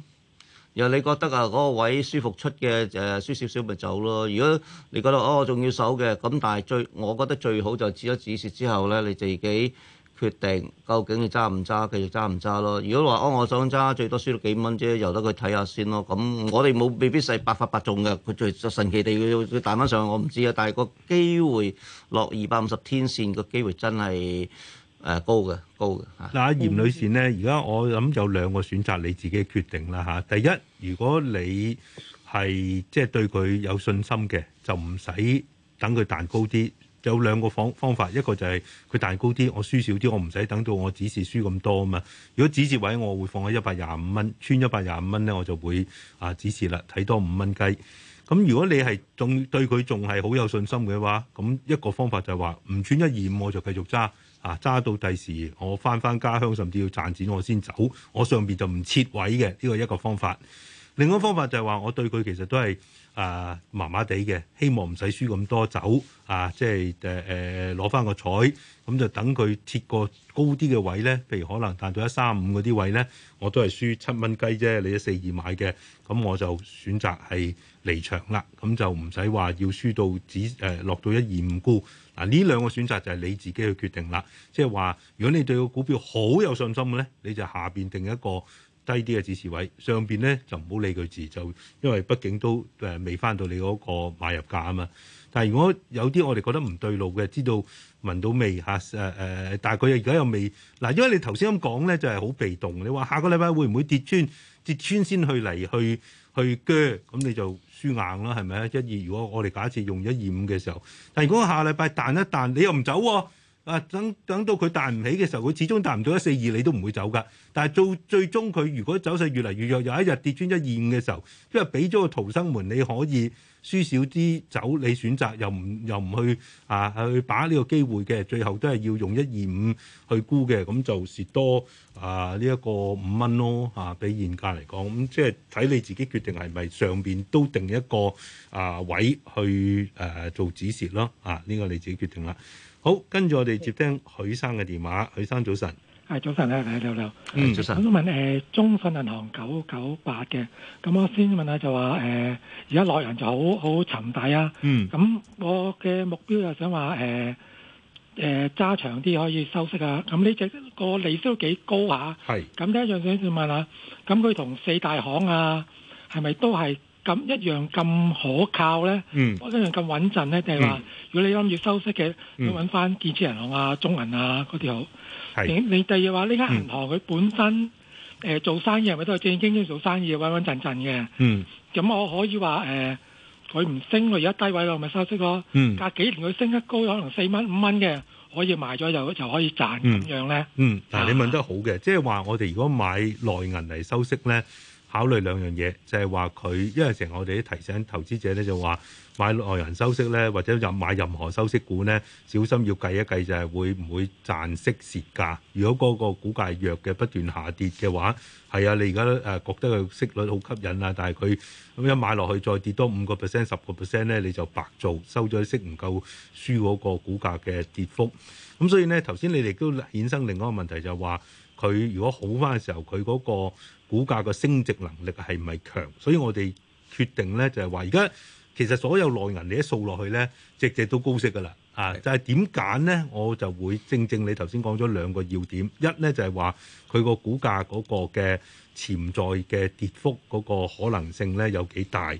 然後你覺得啊嗰個位舒服出嘅誒，輸少少咪走咯。如果你覺得哦我仲要守嘅，咁但係最我覺得最好就止咗止蝕之後咧，你自己，決定究竟要揸唔揸，繼續揸唔揸咯？如果話哦，我想揸，最多輸到幾蚊啫，由得佢睇下先咯。咁我哋冇未必係百發百中嘅，佢最神奇地佢彈翻上去，我唔知啊。但係個機會落二百五十天線嘅機會真係誒高嘅，高嘅。嗱，嗯、嚴女士咧，而家我諗有兩個選擇，你自己決定啦嚇。第一，如果你係即係對佢有信心嘅，就唔使等佢彈高啲。有兩個方方法，一個就係佢彈高啲，我輸少啲，我唔使等到我止蝕輸咁多啊嘛。如果止蝕位，我會放喺一百廿五蚊，穿一百廿五蚊咧，我就會啊止蝕啦，睇多五蚊雞。咁如果你係仲對佢仲係好有信心嘅話，咁一個方法就係話唔穿一二五，我就繼續揸啊，揸到第時我翻返家鄉，甚至要賺錢我先走，我上邊就唔切位嘅呢、呢個一個方法。另一個方法就係話，我對佢其實都係。啊，麻麻地嘅，希望唔使輸咁多酒啊，即係誒誒攞翻個彩，咁、嗯、就等佢貼個高啲嘅位咧，譬如可能彈到一三五嗰啲位咧，我都係輸七蚊雞啫，你一四二買嘅，咁、嗯、我就選擇係離場啦，咁、嗯、就唔使話要輸到只誒、呃、落到一二五沽。嗱、啊，呢兩個選擇就係你自己去決定啦。即係話，如果你對個股票好有信心嘅咧，你就下邊定一個。低啲嘅支持位上邊咧就唔好理佢字，就因為畢竟都誒未返到你嗰個買入價啊嘛。但係如果有啲我哋覺得唔對路嘅，知道聞到味嚇誒誒，但係佢又而家又未嗱、啊，因為你頭先咁講咧就係、是、好被動。你話下個禮拜會唔會跌穿跌穿先去嚟去去鋸，咁你就輸硬啦，係咪啊？一二，如果我哋假設用一二五嘅時候，但係如果下禮拜彈一彈，你又唔走喎、啊。啊！等等到佢彈唔起嘅時候，佢始終彈唔到一四二，你都唔會走噶。但係到最終佢如果走勢越嚟越弱，有一日跌穿一二五嘅時候，因為俾咗個逃生門，你可以輸少啲走，你選擇又唔又唔去啊去把握呢個機會嘅，最後都係要用一二五去估嘅，咁就蝕多啊呢一、呢個五蚊咯嚇、啊，比現價嚟講，咁即係睇你自己決定係咪上邊都定一個啊位去誒、啊、做止蝕咯啊，呢個你自己決定啦。好，跟住我哋接聽許生嘅電話。許生早晨，係早晨啊，你好你好你好。嗯，早晨。我想問誒，中信銀行九九八嘅，咁我先問下就話誒，而家內人就好好沉底啊。嗯。咁我嘅目標就想話誒，誒揸長啲可以收息啊。咁呢隻個利息都幾高吓。係。咁第一樣想問下，咁佢同四大行啊，係咪都係？咁一樣咁可靠咧，我、嗯、一樣咁穩陣咧。定係話，嗯、如果你諗住收息嘅，要揾翻建設銀行啊、中銀啊嗰啲好。是你你第二話呢間銀行佢本身誒、嗯、做生意，咪都係正正經經做生意，穩穩陣陣嘅。嗯，咁我可以話誒，佢、呃、唔升，佢而家低位咯，咪收息咯。嗯、隔幾年佢升得高，可能四蚊五蚊嘅，可以賣咗又就可以賺咁樣咧、嗯。嗯，嗱，你問得好嘅，即係話我哋如果買內銀嚟收息咧。呢考慮兩樣嘢，就係話佢，因為成日我哋都提醒投資者咧，就話買外人收息咧，或者入買任何收息股咧，小心要計一計，就係會唔會賺息蝕價。如果嗰個股價弱嘅不斷下跌嘅話，係啊，你而家誒覺得佢息率好吸引啊，但係佢咁樣買落去再跌多五個 percent、十個 percent 咧，你就白做，收咗息唔夠，輸嗰個股價嘅跌幅。咁所以咧，頭先你哋都衍生另外一個問題就，就係話。佢如果好翻嘅時候，佢嗰個股價嘅升值能力係咪強？所以我哋決定呢，就係話而家其實所有內銀你一掃落去呢，只只都高息噶啦，是啊！就係點揀呢？我就會正正你頭先講咗兩個要點，一呢，就係話佢個股價嗰個嘅潛在嘅跌幅嗰個可能性呢有幾大，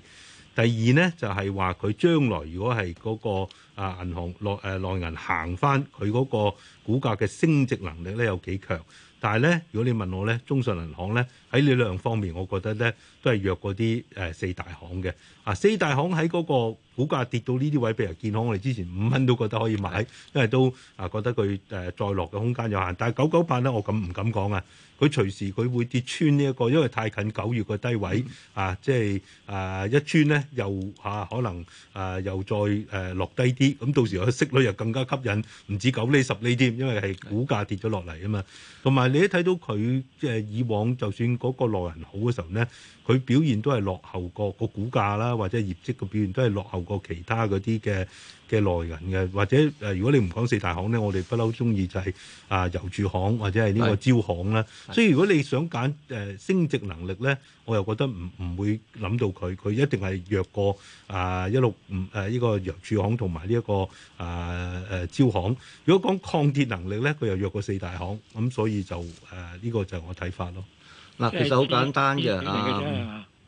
第二呢，就係話佢將來如果係嗰、嗰個啊銀行、呃、內銀行內誒內銀行翻佢嗰個股價嘅升值能力呢有幾強。但係咧，如果你問我咧，中信銀行咧。喺呢兩方面，我覺得咧都係弱過啲誒、呃、四大行嘅。啊，四大行喺嗰個股價跌到呢啲位，譬如建行，我哋之前五蚊都覺得可以買，的因為都啊覺得佢誒、呃、再落嘅空間有限。但係九九八咧，我咁唔敢講啊，佢隨時佢會跌穿呢、這、一個，因為太近九月個低位啊，即係啊一穿咧又嚇、啊、可能啊又再誒落、呃、低啲。咁到時佢息率又更加吸引，唔止九厘、十厘添，因為係股價跌咗落嚟啊嘛。同埋你一睇到佢即係以往就算。嗰個內人好嘅時候咧，佢表現都係落後過個股價啦，或者業績嘅表現都係落後過其他嗰啲嘅嘅內人嘅，或者誒、呃，如果你唔講四大行咧，我哋不嬲鍾意就係、是、啊，郵、呃、儲行或者係呢個招行啦。的所以如果你想揀誒、呃、升值能力咧，我又覺得唔唔會諗到佢，佢一定係弱過啊一路唔誒呢個郵儲行同埋呢一個、呃這個呃、啊誒招行。如果講抗跌能力咧，佢又弱過四大行，咁所以就誒呢、呃這個就係我睇法咯。嗱，其實好簡單嘅，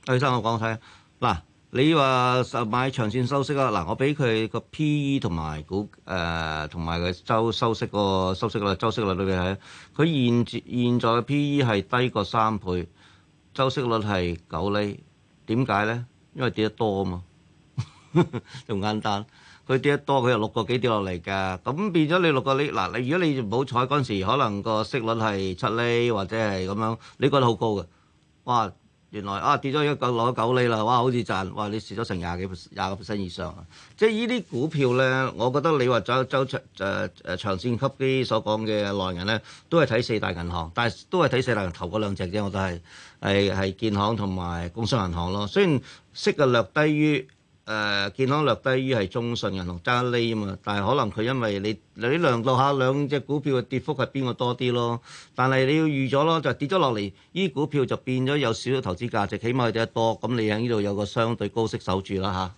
阿許生我講我睇嗱，你話買長線收息啊？嗱，我俾佢個 P E 同埋股誒同埋佢周收息個收息率，周息率你睇，佢現現在嘅 P E 係低過三倍，周息率係九厘。點解咧？因為跌得多啊嘛，仲 (laughs) 簡單。佢跌得多，佢又六個幾跌落嚟㗎，咁變咗你六個厘嗱，你如果你唔好彩嗰陣時，可能個息率係七厘或者係咁樣，你覺得好高嘅，哇！原來啊跌咗一九攞九厘啦，哇！好似賺，哇！你蝕咗成廿幾廿個 percent 以上啊！即係呢啲股票咧，我覺得你話周周長誒誒長線級啲所講嘅耐人咧，都係睇四大銀行，但係都係睇四大銀行，係係大銀行頭嗰兩隻啫，我都係係係建行同埋工商銀行咯。雖然息嘅略低於。誒、uh, 健康略低於係中信銀行揸一釐啊嘛，但係可能佢因為你你，你量度下兩隻股票嘅跌幅係邊個多啲咯，但係你要預咗咯，就跌咗落嚟，呢股票就變咗有少少投資價值，起碼跌得多，咁你喺呢度有個相對高息守住啦吓，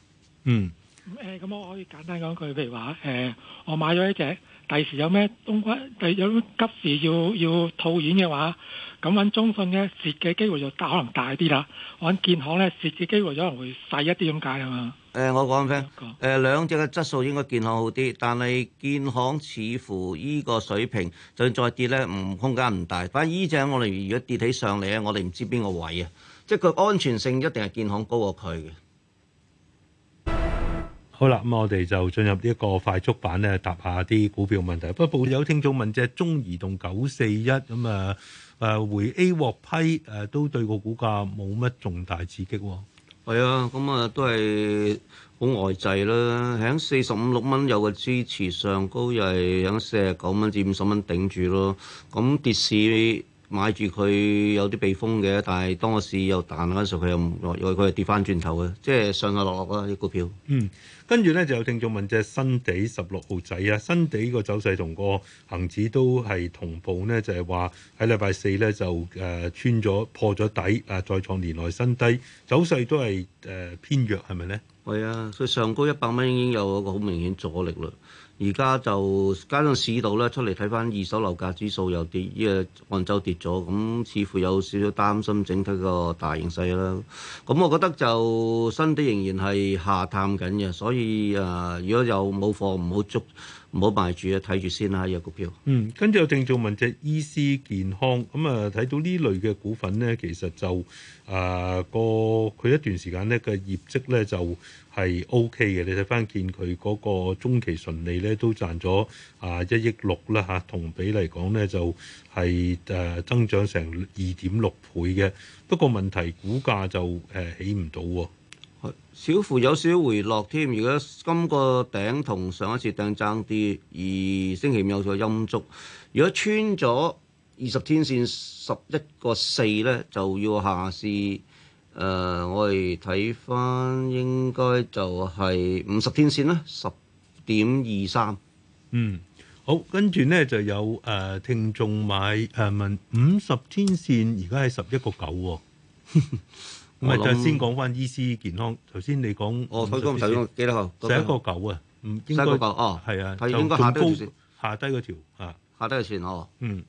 嗯。誒、嗯，咁、嗯呃、我可以簡單講句，譬如話誒、呃，我買咗一隻，第時有咩東坤，第有急時要要套現嘅話。咁揾中信咧，蝕嘅機會就大可能大啲啦；揾建行咧，蝕嘅機會可能會細一啲咁解啊嘛。誒、呃，我講先。誒、呃，兩隻嘅質素應該建行好啲，但係建行似乎依個水平再再跌呢，唔空間唔大。反依隻我哋如果跌起上嚟咧，我哋唔知邊個位啊。即係佢安全性一定係建行高過佢嘅。好啦，咁我哋就進入呢一個快速版呢，答下啲股票問題。不過，有聽眾問隻中移動九四一咁啊。誒回 A 獲批，誒都對個股價冇乜重大刺激喎。哦。係啊，咁、嗯、啊都係好呆滯啦。喺四十五六蚊有個支持，上高，又係喺四十九蚊至五十蚊頂住咯。咁跌市買住佢有啲避風嘅，但係當個市又彈嗰時候，佢又唔落，因為佢係跌翻轉頭嘅，即係上下落落啦啲股票。嗯。嗯跟住咧就有聽眾問隻新地十六號仔啊，新地個走勢同個恆指都係同步咧，就係話喺禮拜四咧就誒穿咗破咗底啊，再創年內新低，走勢都係誒偏弱係咪咧？係啊，佢上高一百蚊已經有個好明顯阻力啦。而家就加上市道咧，出嚟睇翻二手樓價指數又跌，呢個按周跌咗，咁似乎有少少擔心整體個大形勢啦。咁我覺得就新啲仍然係下探緊嘅，所以啊、呃，如果有冇貨唔好捉。唔好賣住啊！睇住先啦，有、這個、股票。嗯，跟住我正做問隻醫思健康，咁啊睇到呢類嘅股份咧，其實就誒個佢一段時間咧嘅業績咧就係 O K 嘅。你睇翻見佢嗰個中期純利咧都賺咗啊一億六啦吓，同比嚟講咧就係、是、誒增長成二點六倍嘅。不過問題股價就誒、呃、起唔到喎。 (noise) 小幅有少少回落添，如果今個頂同上一次頂爭啲，而星期五有咗陰燭，如果穿咗二十天線十一個四呢，4，就要下試。誒、呃，我哋睇返應該就係五十天線啦，十點二三。嗯，好，跟住呢就有誒、呃、聽眾買誒、呃、問五十天線而家係十一個九喎。 (laughs) 唔係就先講返醫師健康。頭先你講哦，佢講頭先幾多號？十一個九啊？唔應該十一個九哦，係啊，就仲高下低嗰條嚇，下低條船哦，嗯。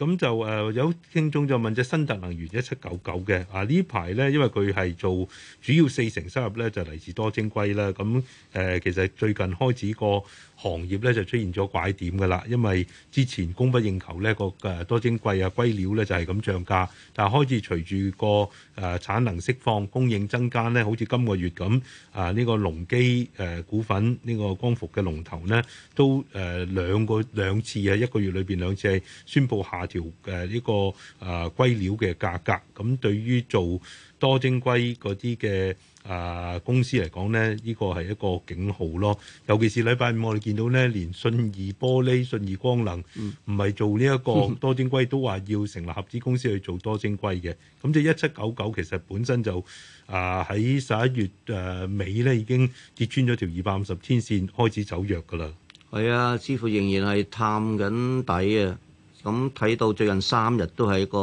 咁就誒有聽眾就問，隻新特能源一七九九嘅啊呢排咧，因為佢係做主要四成收入咧，就嚟自多晶硅啦。咁、啊、誒其實最近開始個行業咧就出現咗拐點噶啦，因為之前供不應求咧個誒多晶硅啊硅料咧就係咁漲價，但係開始隨住、那個誒、啊、產能釋放、供應增加咧，好似今個月咁啊呢、這個隆基誒股份呢、這個光伏嘅龍頭咧都誒、啊、兩個兩次啊一個月裏邊兩次宣布下。條誒呢個誒硅料嘅價格咁，對於做多晶硅嗰啲嘅誒公司嚟講呢，呢個係一個警號咯。尤其是禮拜五我哋見到呢，連信義玻璃、信義光能唔係做呢一個多晶硅，都話要成立合資公司去做多晶硅嘅。咁即係一七九九，其實本身就啊喺十一月誒尾呢已經跌穿咗條二百五十天線，開始走弱噶啦。係啊，似乎仍然係探緊底啊。嗯咁睇到最近三日都係一個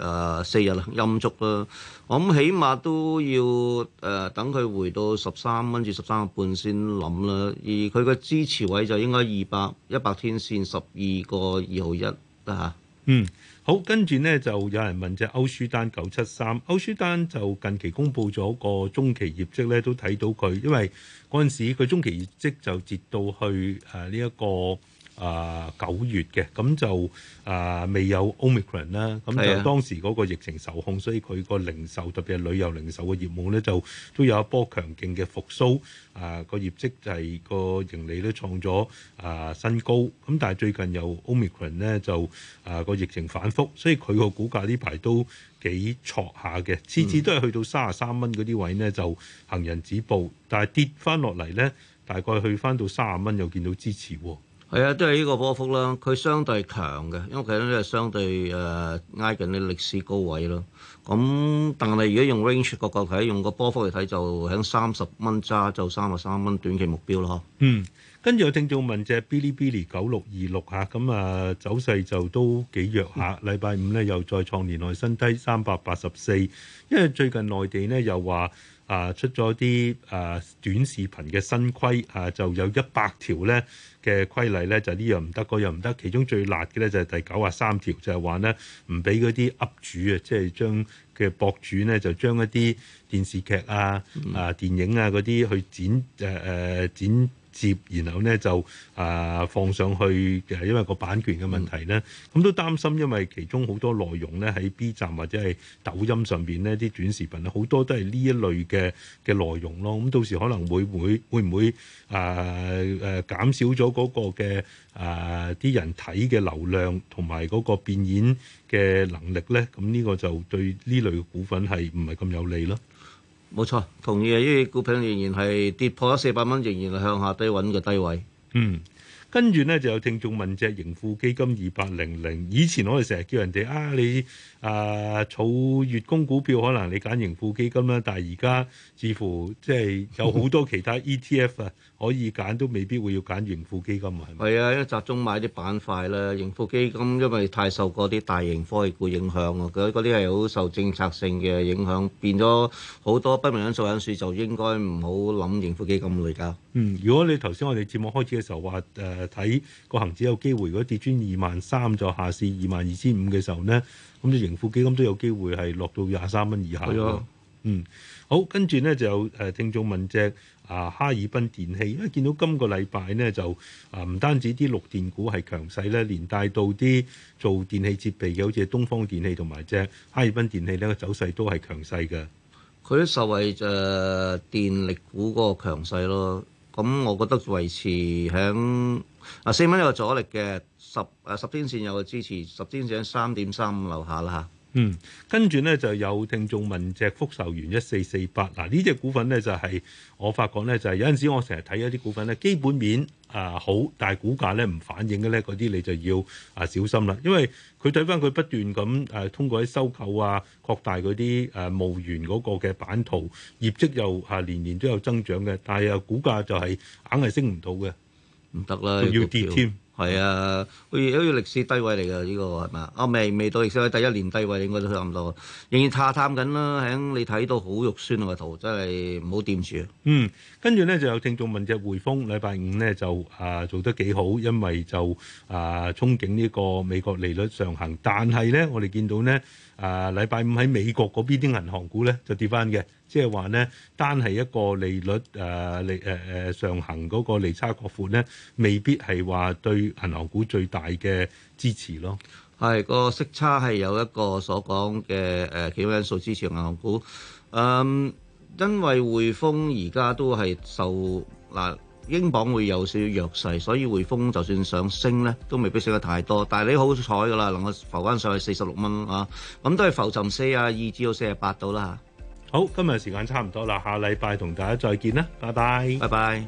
誒四日陰足啦，我諗起碼都要誒等佢回到十三蚊至十三個半先諗啦，而佢嘅支持位就應該二百一百天線十二個二毫一啦嚇。嗯，好，跟住呢就有人問隻歐舒丹九七三，歐舒丹就近期公布咗個中期業績呢都睇到佢，因為嗰陣時佢中期業績就截到去誒呢一個。啊，九、uh, 月嘅咁就啊、uh, 未有 Omicron 啦。咁當時嗰個疫情受控，所以佢個零售特別係旅遊零售嘅業務咧，就都有一波強勁嘅復蘇啊，個業績，就係個盈利咧創咗啊新高。咁但係最近有 Omicron 咧，就啊個疫情反覆，所以佢個股價呢排都幾戳下嘅，次次都係去到卅三蚊嗰啲位咧就行人止步，但係跌翻落嚟咧大概去翻到卅啊蚊又見到支持、哦係啊，都係呢個波幅啦，佢相對強嘅，因為其實呢係相對誒、呃、挨近啲歷史高位咯。咁但係如果用 range 個嚿睇，用個波幅嚟睇，就喺三十蚊揸，就三十三蚊短期目標咯。嗯，跟住有聽眾問隻 Bilibili 九六二六嚇，咁 ili 啊，啊走勢就都幾弱下。禮拜、嗯、五咧又再創年內新低三百八十四，因為最近內地咧又話。啊！出咗啲啊短視頻嘅新規，啊，就有一百條咧嘅規例咧，就呢樣唔得，嗰樣唔得。其中最辣嘅咧就係、是、第九啊三條，就係話咧唔俾嗰啲 Up 主啊，即係將嘅博主咧就將一啲電視劇啊、啊電影啊嗰啲去剪誒誒、呃、剪。接，然後咧就啊、呃、放上去，嘅，因為個版權嘅問題咧，咁都擔心，因為其中好多內容咧喺 B 站或者係抖音上邊呢啲短視頻好多都係呢一類嘅嘅內容咯。咁到時可能會會會唔會啊誒減少咗嗰個嘅啊啲人睇嘅流量同埋嗰個變現嘅能力咧？咁、嗯、呢、呢個就對呢類股份係唔係咁有利咯。冇錯，同意啊！因為股票仍然係跌破咗四百蚊，仍然係向下低穩嘅低位。嗯，跟住咧就有聽眾問隻盈富基金二八零零，以前我哋成日叫人哋啊，你啊，儲月供股票，可能你揀盈富基金啦，但係而家似乎即係有好多其他 ETF 啊。 (laughs) 可以揀都未必會要揀盈富基金咩？係啊，因為集中買啲板塊啦，盈富基金因為太受嗰啲大型科技股影響啊，佢嗰啲係好受政策性嘅影響，變咗好多不明因素因素，就應該唔好諗盈富基金嚟㗎。嗯，如果你頭先我哋節目開始嘅時候話誒睇個恆指有機會，如果跌穿二萬三就下市二萬二千五嘅時候呢，咁啲盈富基金都有機會係落到廿三蚊以下。係咯、啊。嗯，好，跟住呢就有誒聽眾問隻。啊！哈爾濱電器，因為見到今個禮拜呢，就啊，唔單止啲綠電股係強勢咧，連帶到啲做電器設備嘅，好似東方電器同埋隻哈爾濱電器咧，個走勢都係強勢嘅。佢啲受惠誒電力股嗰個強勢咯。咁我覺得維持喺啊四蚊有阻力嘅，十誒十天線有個支持，十天線三點三五樓下啦。嗯，跟住咧就有聽眾問隻福壽園一四四八，嗱呢隻股份咧就係、是、我發覺咧就係、是、有陣時我成日睇一啲股份咧基本面啊、呃、好，但係股價咧唔反映嘅咧嗰啲你就要啊小心啦，因為佢睇翻佢不斷咁誒通過喺收購啊擴大嗰啲誒墓園嗰個嘅版圖，業績又啊年年都有增長嘅，但係啊股價就係硬係升唔到嘅，唔得啦，行要跌添。係啊，好似好似歷史低位嚟噶，呢個係嘛？啊，未未到歷史第一年低位，應該都差唔多，仍然探探緊啦。喺你睇到好肉酸，啊個圖，真係唔好掂住。嗯，跟住咧就有聽眾問隻匯豐，禮拜五咧就啊、呃、做得幾好，因為就啊、呃、憧憬呢個美國利率上行，但係咧我哋見到咧。啊！禮拜、呃、五喺美國嗰邊啲銀行股咧就跌翻嘅，即係話咧，單係一個利率誒、呃、利誒誒、呃、上行嗰個利差擴闊咧，未必係話對銀行股最大嘅支持咯。係、個息差係有一個所講嘅誒幾多因素支持銀行股，嗯，因為匯豐而家都係受嗱。英鎊會有少少弱勢，所以匯豐就算上升咧，都未必升得太多。但係你好彩㗎啦，能夠浮翻上去四十六蚊啊！咁都係浮沉四啊二至到四十八度啦。啊啊啊啊啊啊啊、好，今日時間差唔多啦，下禮拜同大家再見啦，拜拜，拜拜。